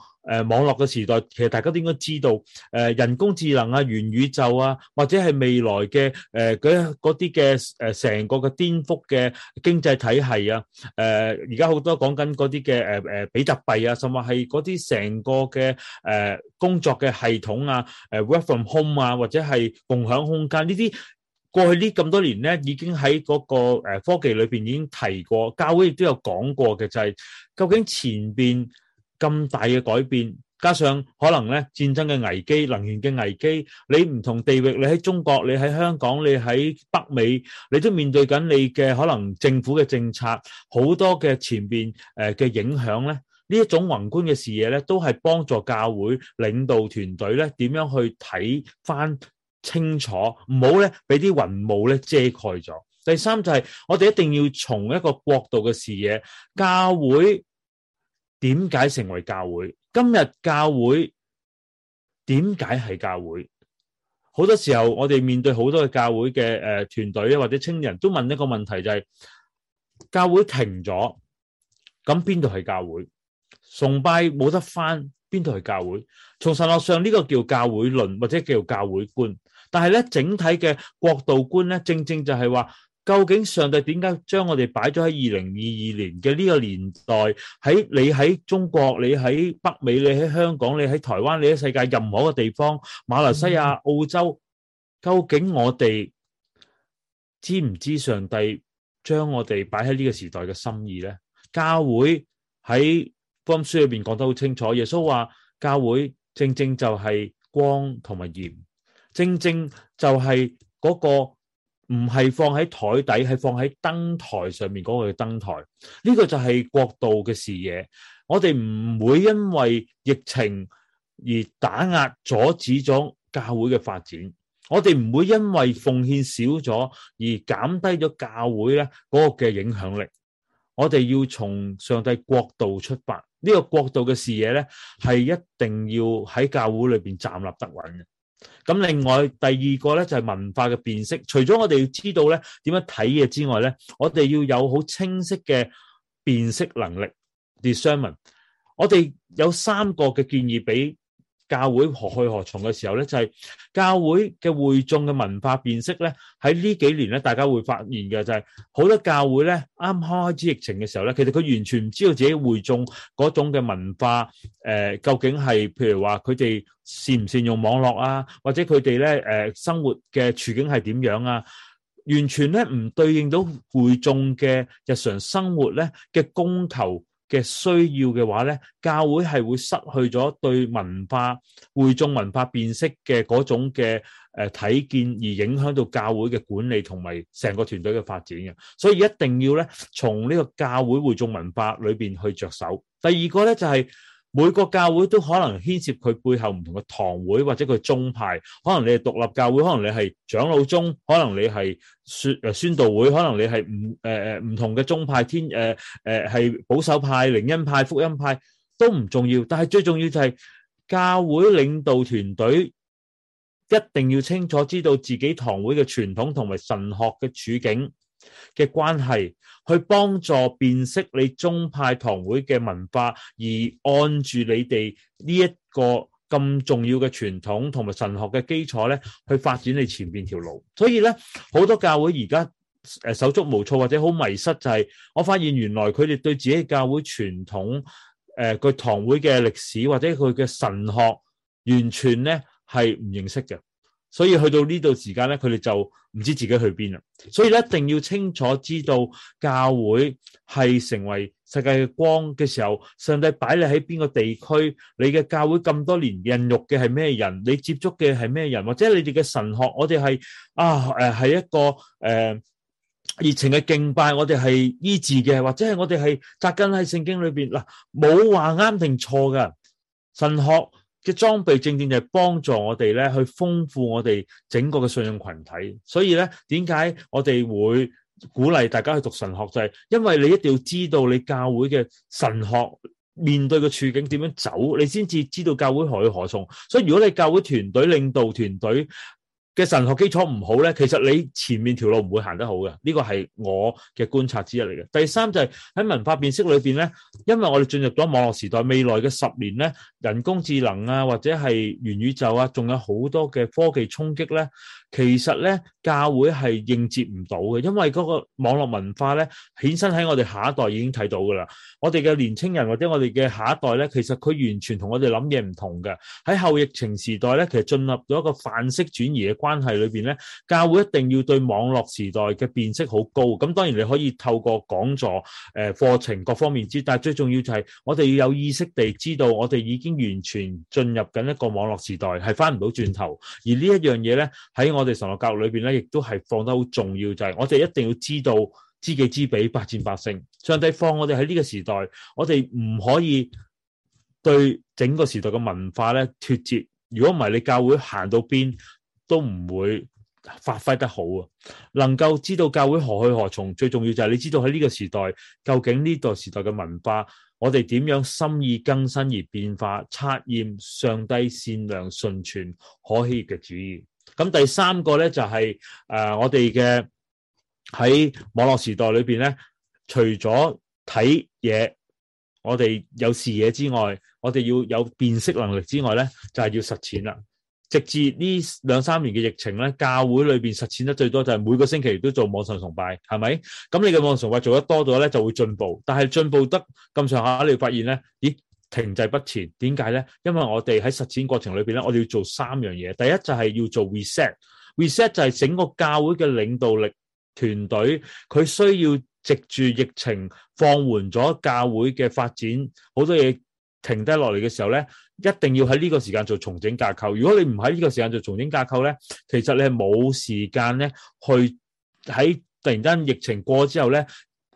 網絡嘅時代。其實大家都應該知道，誒人工智能啊、元宇宙啊，或者係未來嘅誒嗰嗰啲嘅誒成個嘅顛覆嘅經濟體系啊。誒而家好多講緊嗰啲嘅誒誒比特幣啊，甚至係嗰啲成個嘅誒工作嘅系統啊，誒 work from home 啊，或者係共享空間呢啲。過去呢咁多年咧，已經喺嗰個誒科技裏邊已經提過，教會亦都有講過嘅，就係究竟前邊咁大嘅改變，加上可能咧戰爭嘅危機、能源嘅危機，你唔同地域，你喺中國、你喺香港、你喺北美，你都面對緊你嘅可能政府嘅政策，好多嘅前邊誒嘅影響咧，呢一種宏觀嘅視野咧，都係幫助教會領導團隊咧點樣去睇返。清楚，唔好咧俾啲雲霧咧遮蓋咗。第三就係我哋一定要從一個國度嘅視野，教會點解成為教會？今日教會點解係教會？好多時候我哋面對好多嘅教會嘅誒團隊或者青人都問一個問題，就係教會停咗，咁邊度係教會？崇拜冇得返，邊度係教會？從神學上呢個叫教會論或者叫教會觀。但係咧，整體嘅國度觀咧，正正就係話，究竟上帝點解將我哋擺咗喺二零二二年嘅呢個年代？喺你喺中國，你喺北美，你喺香港，你喺台灣，你喺世界任何一個地方，馬來西亞、澳洲，究竟我哋知唔知上帝將我哋擺喺呢個時代嘅心意咧？教會喺福音書裏邊講得好清楚，耶穌話：教會正正就係光同埋鹽。正正就係嗰個唔係放喺台底，係放喺燈台上面嗰個燈台。呢個就係國度嘅視野。我哋唔會因為疫情而打壓、阻止咗教會嘅發展。我哋唔會因為奉獻少咗而減低咗教會咧嗰個嘅影響力。我哋要從上帝國度出發，呢個國度嘅視野咧係一定要喺教會裏邊站立得穩嘅。咁另外第二個咧就係、是、文化嘅辨識，除咗我哋要知道咧點樣睇嘢之外咧，我哋要有好清晰嘅辨識能力 （discernment）。 <noise> 我哋有三個嘅建議俾。教會何去何從嘅時候咧，就係教會嘅會眾嘅文化辨識咧，喺呢幾年咧，大家會發現嘅就係好多教會咧，啱開始疫情嘅時候咧，其實佢完全唔知道自己會眾嗰種嘅文化，誒，究竟係譬如話佢哋善唔善用網絡啊，或者佢哋咧誒，生活嘅處境係點樣啊，完全咧唔對應到會眾嘅日常生活咧嘅供求。嘅需要嘅話咧，教會係會失去咗對文化會眾文化辨識嘅嗰種嘅誒睇見，而影響到教會嘅管理同埋成個團隊嘅發展嘅，所以一定要咧從呢個教會會眾文化裏邊去着手。第二個咧就係。每個教會都可能牽涉佢背後唔同嘅堂會或者佢宗派，可能你係獨立教會，可能你係長老宗，可能你係宣誒宣道會，可能你係唔誒誒唔同嘅宗派，天誒誒係保守派、靈恩派、福音派都唔重要，但係最重要就係教會領導團隊一定要清楚知道自己堂會嘅傳統同埋神學嘅處境。嘅關係去幫助辨識你宗派堂會嘅文化，而按住你哋呢一個咁重要嘅傳統同埋神學嘅基礎咧，去發展你前邊條路。所以咧，好多教會而家誒手足無措或者好迷失、就是，就係我發現原來佢哋對自己教會傳統誒個、呃、堂會嘅歷史或者佢嘅神學完全咧係唔認識嘅。所以去到呢度時間咧，佢哋就唔知自己去邊啦。所以一定要清楚知道教會係成為世界嘅光嘅時候，上帝擺你喺邊個地區，你嘅教會咁多年孕育嘅係咩人，你接觸嘅係咩人，或者你哋嘅神學，我哋係啊誒係一個誒、啊、熱情嘅敬拜，我哋係醫治嘅，或者係我哋係扎根喺聖經裏邊嗱，冇話啱定錯㗎神學。嘅裝備正正就係幫助我哋咧，去豐富我哋整個嘅信用群體。所以咧，點解我哋會鼓勵大家去讀神學？就係、是、因為你一定要知道你教會嘅神學面對嘅處境點樣走，你先至知道教會何去何從。所以，如果你教會團隊、領導團隊，嘅神學基礎唔好咧，其實你前面條路唔會行得好嘅，呢、這個係我嘅觀察之一嚟嘅。第三就係、是、喺文化辨識裏邊咧，因為我哋進入咗網絡時代，未來嘅十年咧，人工智能啊，或者係元宇宙啊，仲有好多嘅科技衝擊咧。其實咧，教會係應接唔到嘅，因為嗰個網絡文化咧，衍生喺我哋下一代已經睇到㗎啦。我哋嘅年輕人或者我哋嘅下一代咧，其實佢完全同我哋諗嘢唔同嘅。喺後疫情時代咧，其實進入咗一個範式轉移嘅關係裏邊咧，教會一定要對網絡時代嘅辨識好高。咁當然你可以透過講座、誒課程各方面知，但係最重要就係我哋要有意識地知道，我哋已經完全進入緊一個網絡時代，係返唔到轉頭。而呢一樣嘢咧喺我。我哋神學教育裏邊咧，亦都係放得好重要，就係、是、我哋一定要知道知己知彼，百戰百勝。上帝放我哋喺呢個時代，我哋唔可以對整個時代嘅文化咧脱節。如果唔係，你教會行到邊都唔會發揮得好啊！能夠知道教會何去何從，最重要就係你知道喺呢個時代究竟呢個時代嘅文化，我哋點樣心意更新而變化，察驗上帝善良,善良順、純全、可喜嘅主意。咁第三個咧就係、是、誒、呃、我哋嘅喺網絡時代裏邊咧，除咗睇嘢，我哋有視野之外，我哋要有辨識能力之外咧，就係、是、要實踐啦。直至呢兩三年嘅疫情咧，教會裏邊實踐得最多就係每個星期都做網上崇拜，係咪？咁你嘅網上崇拜做得多咗咧，就會進步。但係進步得咁上下，你會發現咧，咦？停滯不前，點解咧？因為我哋喺實踐過程裏邊咧，我哋要做三樣嘢。第一就係要做 reset，reset 就係整個教會嘅領導力團隊，佢需要藉住疫情放緩咗教會嘅發展，好多嘢停低落嚟嘅時候咧，一定要喺呢個時間做重整架構。如果你唔喺呢個時間做重整架構咧，其實你係冇時間咧去喺突然間疫情過之後咧，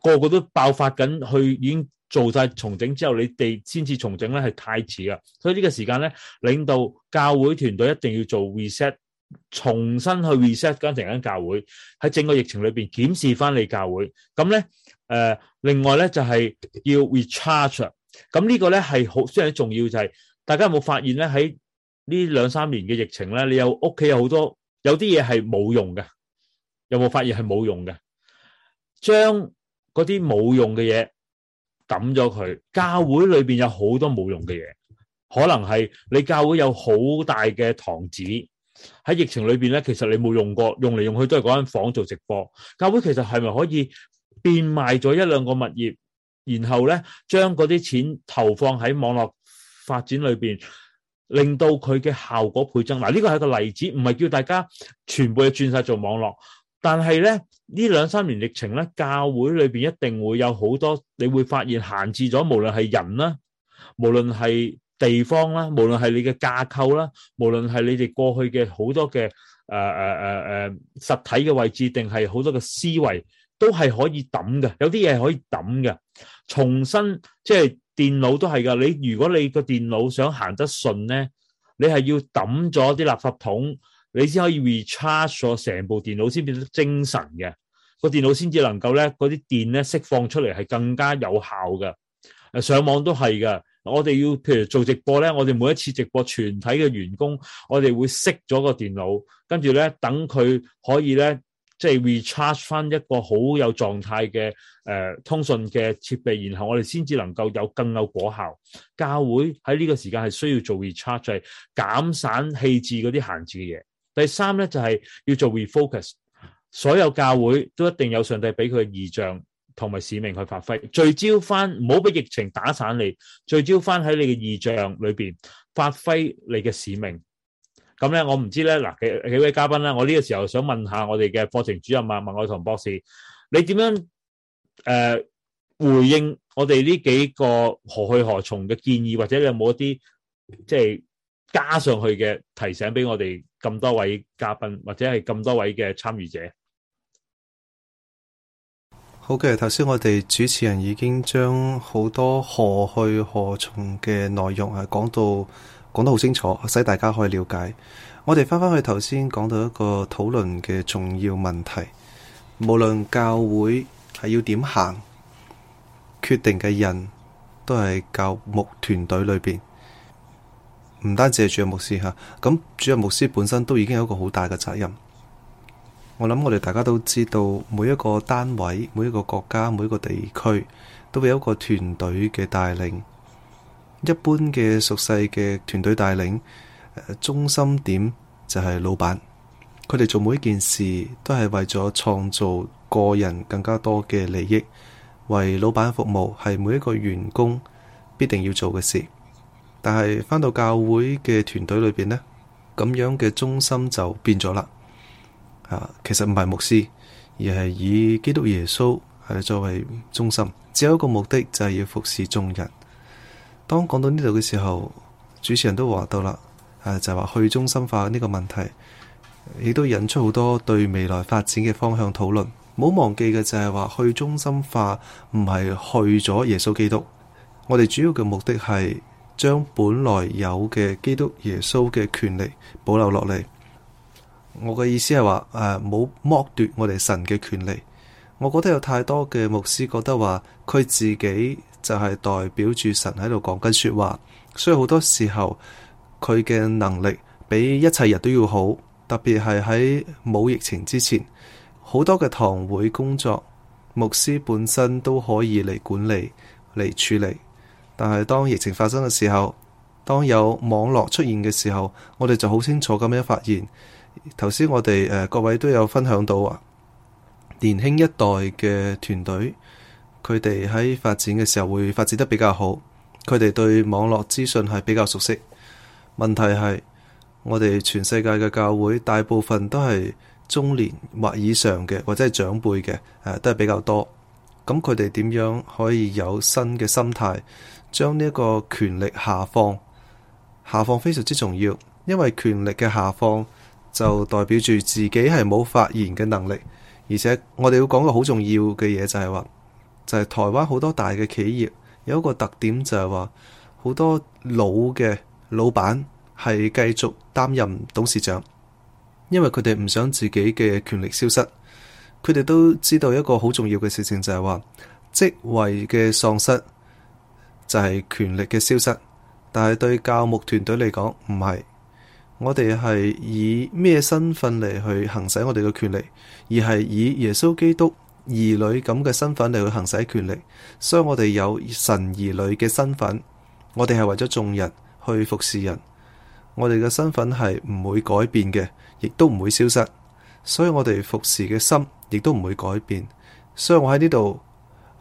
個個都爆發緊去已經。做晒重整之後，你哋先至重整咧，係太遲喇。所以呢個時間咧，領導教會團隊一定要做 reset，重新去 reset 緊成間教會喺整個疫情裏邊檢視返你教會。咁咧，誒，另外咧就係要 recharge。咁呢個咧係好，雖然重要就係大家有冇發現咧，喺呢兩三年嘅疫情咧，你有屋企有好多有啲嘢係冇用嘅，有冇發現係冇用嘅？將嗰啲冇用嘅嘢。抌咗佢，教會裏邊有好多冇用嘅嘢，可能係你教會有好大嘅堂子，喺疫情裏邊咧，其實你冇用過，用嚟用去都係嗰間房做直播。教會其實係咪可以變賣咗一兩個物業，然後咧將嗰啲錢投放喺網絡發展裏邊，令到佢嘅效果倍增？嗱，呢個係個例子，唔係叫大家全部要轉晒做網絡。但係咧呢兩三年疫情咧，教會裏邊一定會有好多，你會發現限制咗，無論係人啦，無論係地方啦，無論係你嘅架構啦，無論係你哋過去嘅好多嘅誒誒誒誒實體嘅位置，定係好多嘅思維，都係可以抌嘅。有啲嘢係可以抌嘅，重新即係電腦都係㗎。你如果你個電腦想行得順咧，你係要抌咗啲垃圾桶。你先可以 recharge 咗成部電腦先變得精神嘅，個電腦先至能夠咧嗰啲電咧釋放出嚟係更加有效嘅。上網都係嘅，我哋要譬如做直播咧，我哋每一次直播，全體嘅員工，我哋會熄咗個電腦，跟住咧等佢可以咧即係、就是、recharge 翻一個好有狀態嘅誒通訊嘅設備，然後我哋先至能夠有更有果效。教會喺呢個時間係需要做 recharge，就係減散氣質嗰啲閒置嘅嘢。第三咧就係、是、要做 refocus，所有教會都一定有上帝俾佢嘅意象同埋使命去發揮，聚焦翻，唔好俾疫情打散你，聚焦翻喺你嘅意象裏邊發揮你嘅使命。咁咧，我唔知咧，嗱幾幾位嘉賓啦，我呢個時候想問下我哋嘅課程主任啊，文愛同博士，你點樣誒、呃、回應我哋呢幾個何去何從嘅建議，或者你有冇一啲即係？加上去嘅提醒畀我哋咁多位嘉賓或者係咁多位嘅參與者。好嘅，頭先我哋主持人已經將好多何去何從嘅內容係、啊、講到講得好清楚，使大家可以了解。我哋翻返去頭先講到一個討論嘅重要問題，無論教會係要點行，決定嘅人都係教牧團隊裏邊。唔單止係主任牧師吓，咁主任牧師本身都已經有一個好大嘅責任。我諗我哋大家都知道，每一個單位、每一個國家、每一個地區，都會有一個團隊嘅帶領。一般嘅熟悉嘅團隊帶領，中心點就係老闆。佢哋做每一件事，都係為咗創造個人更加多嘅利益，為老闆服務，係每一個員工必定要做嘅事。但係翻到教會嘅團隊裏邊呢，咁樣嘅中心就變咗啦。啊，其實唔係牧師，而係以基督耶穌係作為中心，只有一個目的就係要服侍眾人。當講到呢度嘅時候，主持人都話到啦，啊，就係話去中心化呢個問題，亦都引出好多對未來發展嘅方向討論。唔好忘記嘅就係話去中心化唔係去咗耶穌基督，我哋主要嘅目的係。將本來有嘅基督耶穌嘅權利保留落嚟，我嘅意思係話，誒、啊，冇剝奪我哋神嘅權利。我覺得有太多嘅牧師覺得話，佢自己就係代表住神喺度講緊說話，所以好多時候佢嘅能力比一切人都要好，特別係喺冇疫情之前，好多嘅堂會工作，牧師本身都可以嚟管理嚟處理。但係當疫情發生嘅時候，當有網絡出現嘅時候，我哋就好清楚咁樣發現。頭先我哋誒、呃、各位都有分享到啊，年輕一代嘅團隊，佢哋喺發展嘅時候會發展得比較好，佢哋對網絡資訊係比較熟悉。問題係我哋全世界嘅教會，大部分都係中年或以上嘅，或者係長輩嘅，誒、呃、都係比較多。咁佢哋點樣可以有新嘅心態？將呢個權力下放，下放非常之重要，因為權力嘅下放就代表住自己係冇發言嘅能力，而且我哋要講個好重要嘅嘢就係話，就係台灣好多大嘅企業有一個特點就係話，好多老嘅老闆係繼續擔任董事長，因為佢哋唔想自己嘅權力消失，佢哋都知道一個好重要嘅事情就係話，職位嘅喪失。就係權力嘅消失，但係對教牧團隊嚟講唔係，我哋係以咩身份嚟去行使我哋嘅權力，而係以耶穌基督兒女咁嘅身份嚟去行使權力。所以我哋有神兒女嘅身份，我哋係為咗眾人去服侍人，我哋嘅身份係唔會改變嘅，亦都唔會消失。所以我哋服侍嘅心亦都唔會改變。所以我喺呢度。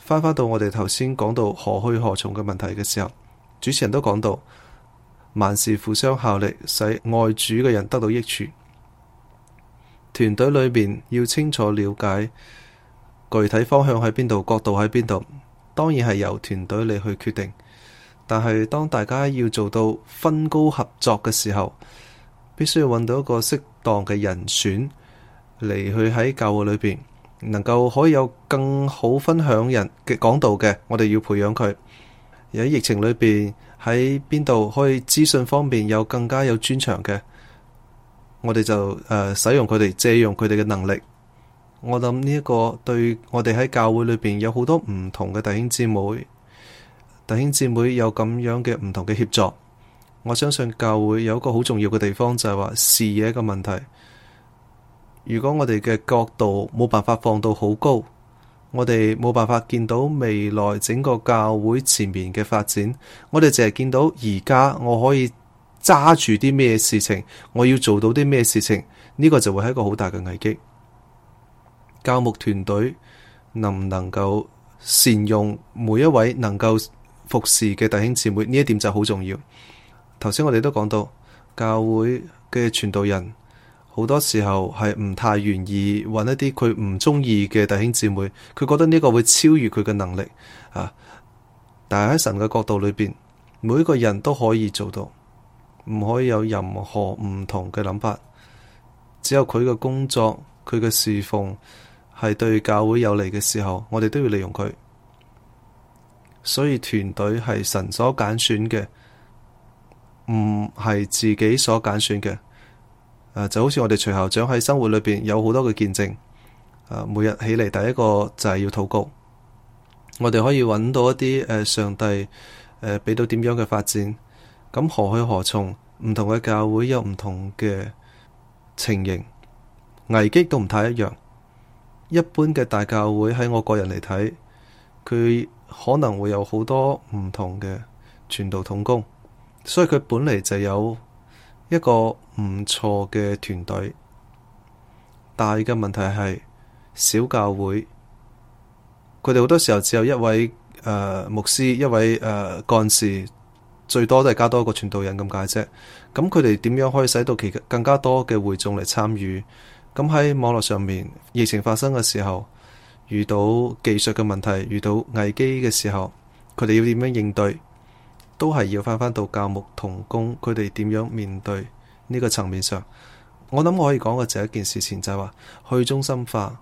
翻返到我哋頭先講到何去何從嘅問題嘅時候，主持人都講到萬事互相效力，使愛主嘅人得到益處。團隊裏邊要清楚了解具體方向喺邊度，角度喺邊度，當然係由團隊你去決定。但係當大家要做到分工合作嘅時候，必須要揾到一個適當嘅人選嚟去喺教會裏邊。能夠可以有更好分享人嘅講道嘅，我哋要培養佢。而喺疫情裏邊，喺邊度可以資訊方面有更加有專長嘅，我哋就誒、呃、使用佢哋，借用佢哋嘅能力。我諗呢一個對我哋喺教會裏邊有好多唔同嘅弟兄姊妹，弟兄姊妹有咁樣嘅唔同嘅協助，我相信教會有一個好重要嘅地方就係、是、話視野嘅問題。如果我哋嘅角度冇辦法放到好高，我哋冇辦法見到未來整個教會前面嘅發展，我哋淨係見到而家我可以揸住啲咩事情，我要做到啲咩事情，呢個就會係一個好大嘅危機。教牧團隊能唔能夠善用每一位能夠服侍嘅弟兄姊妹，呢一點就好重要。頭先我哋都講到教會嘅傳道人。好多時候係唔太願意揾一啲佢唔中意嘅弟兄姊妹，佢覺得呢個會超越佢嘅能力，啊，但係喺神嘅角度裏邊，每一個人都可以做到，唔可以有任何唔同嘅諗法。只有佢嘅工作，佢嘅侍奉係對教會有利嘅時候，我哋都要利用佢。所以團隊係神所揀選嘅，唔係自己所揀選嘅。誒，就好似我哋徐校長喺生活裏邊有好多嘅見證，誒，每日起嚟，第一個就係要禱告，我哋可以揾到一啲誒上帝誒俾到點樣嘅發展，咁何去何從？唔同嘅教會有唔同嘅情形，危機都唔太一樣。一般嘅大教會喺我個人嚟睇，佢可能會有好多唔同嘅傳道同工，所以佢本嚟就有一個。唔錯嘅團隊，大嘅問題係小教會佢哋好多時候只有一位誒、呃、牧師，一位誒、呃、幹事，最多都係加多一個傳道人咁解啫。咁佢哋點樣可以使到其更加多嘅會眾嚟參與？咁喺網絡上面，疫情發生嘅時候，遇到技術嘅問題，遇到危機嘅時候，佢哋要點樣應對？都係要翻返到教牧同工，佢哋點樣面對？呢個層面上，我諗我可以講嘅就一件事前，就係話去中心化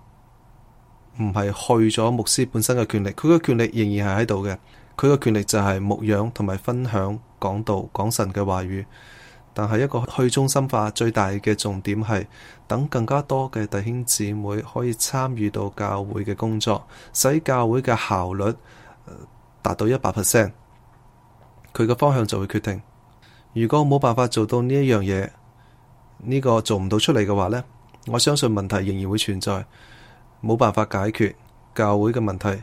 唔係去咗牧師本身嘅權力，佢嘅權力仍然係喺度嘅。佢嘅權力就係牧養同埋分享講道、講神嘅話語。但係一個去中心化最大嘅重點係等更加多嘅弟兄姊妹可以參與到教會嘅工作，使教會嘅效率達到一百 percent。佢嘅方向就會決定。如果冇辦法做到呢一樣嘢，呢、呢個做唔到出嚟嘅話呢，我相信問題仍然會存在，冇辦法解決教會嘅問題。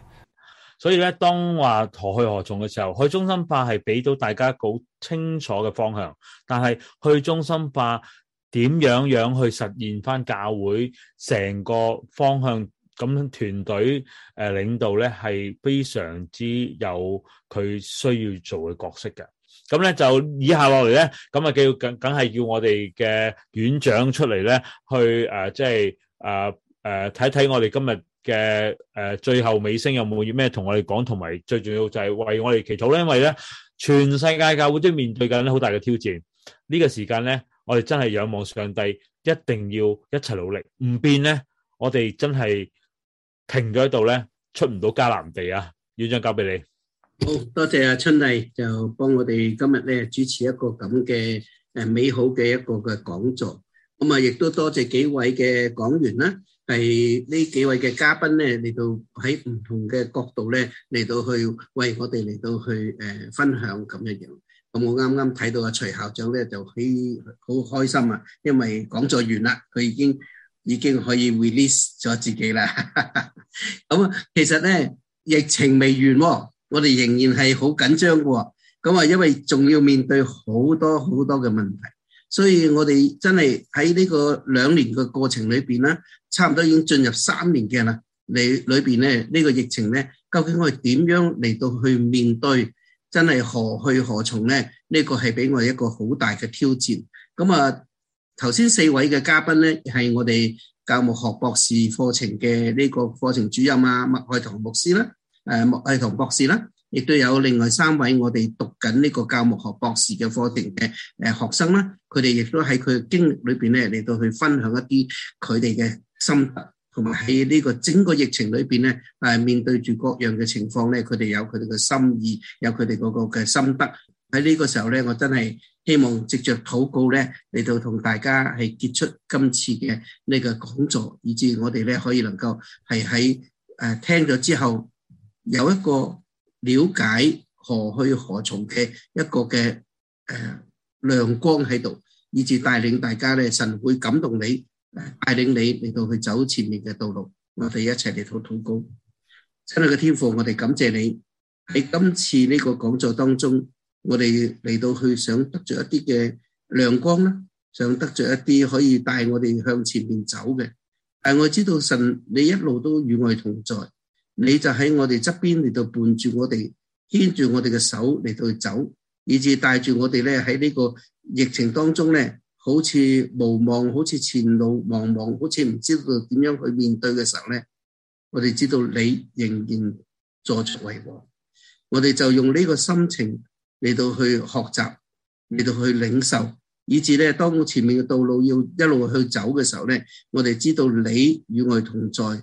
所以咧，當話何去何從嘅時候，去中心化係俾到大家好清楚嘅方向。但係去中心化點樣樣去實現翻教會成個方向咁團隊誒領導咧，係非常之有佢需要做嘅角色嘅。咁咧就以下落嚟咧，咁啊叫，梗梗係要我哋嘅院長出嚟咧，去誒，即係誒誒，睇睇我哋今日嘅誒最後尾聲有冇要咩同我哋講，同埋最重要就係為我哋祈禱咧。因為咧，全世界教會都面對緊好大嘅挑戰。呢個時間咧，我哋真係仰望上帝，一定要一齊努力，唔變咧，我哋真係停咗喺度咧，出唔到迦南地啊！院長交俾你。好多謝阿春麗就幫我哋今日咧主持一個咁嘅誒美好嘅一個嘅講座，咁啊亦都多謝幾位嘅講員啦，係呢幾位嘅嘉賓咧嚟到喺唔同嘅角度咧嚟到去為我哋嚟到去誒分享咁一樣。咁我啱啱睇到阿徐校長咧就係好開心啊，因為講座完啦，佢已經已經可以 release 咗自己啦。咁其實咧疫情未完喎。我哋仍然係好緊張嘅，咁啊，因為仲要面對好多好多嘅問題，所以我哋真係喺呢個兩年嘅過程裏邊啦，差唔多已經進入三年嘅啦。你裏邊咧，呢個疫情咧，究竟我哋點樣嚟到去面對？真係何去何從咧？呢個係俾我哋一個好大嘅挑戰。咁啊，頭先四位嘅嘉賓咧，係我哋教牧學博士課程嘅呢個課程主任啊，麥愛棠牧師啦。誒，莫艾同博士啦，亦都有另外三位我哋讀緊呢個教牧學博士嘅課程嘅誒學生啦，佢哋亦都喺佢嘅經歷裏邊咧，嚟到去分享一啲佢哋嘅心得，同埋喺呢個整個疫情裏邊咧，誒面對住各樣嘅情況咧，佢哋有佢哋嘅心意，有佢哋嗰個嘅心得。喺呢個時候咧，我真係希望藉着禱告咧，嚟到同大家係結束今次嘅呢個講座，以致我哋咧可以能夠係喺誒聽咗之後。有一個了解何去何從嘅一個嘅誒亮光喺度，以致帶領大家咧，神會感動你，帶領你嚟到去走前面嘅道路。我哋一齊嚟禱禱告。親愛嘅天父，我哋感謝你，喺今次呢個講座當中，我哋嚟到去想得著一啲嘅亮光啦，想得著一啲可以帶我哋向前面走嘅。但係我知道神你一路都與我同在。你就喺我哋側邊嚟到伴住我哋，牽住我哋嘅手嚟到走，以至帶住我哋咧，喺呢個疫情當中咧，好似無望，好似前路茫茫，好似唔知道點樣去面對嘅時候咧，我哋知道你仍然坐住為王，我哋就用呢個心情嚟到去學習，嚟到去領受，以至咧，當前面嘅道路要一路去走嘅時候咧，我哋知道你與我哋同在。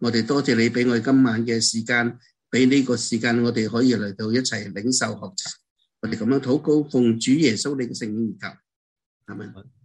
我哋多謝你俾我哋今晚嘅時間，俾呢個時間我哋可以嚟到一齊領受學習，我哋咁樣禱告，奉主耶穌嘅聖名而求。Amen.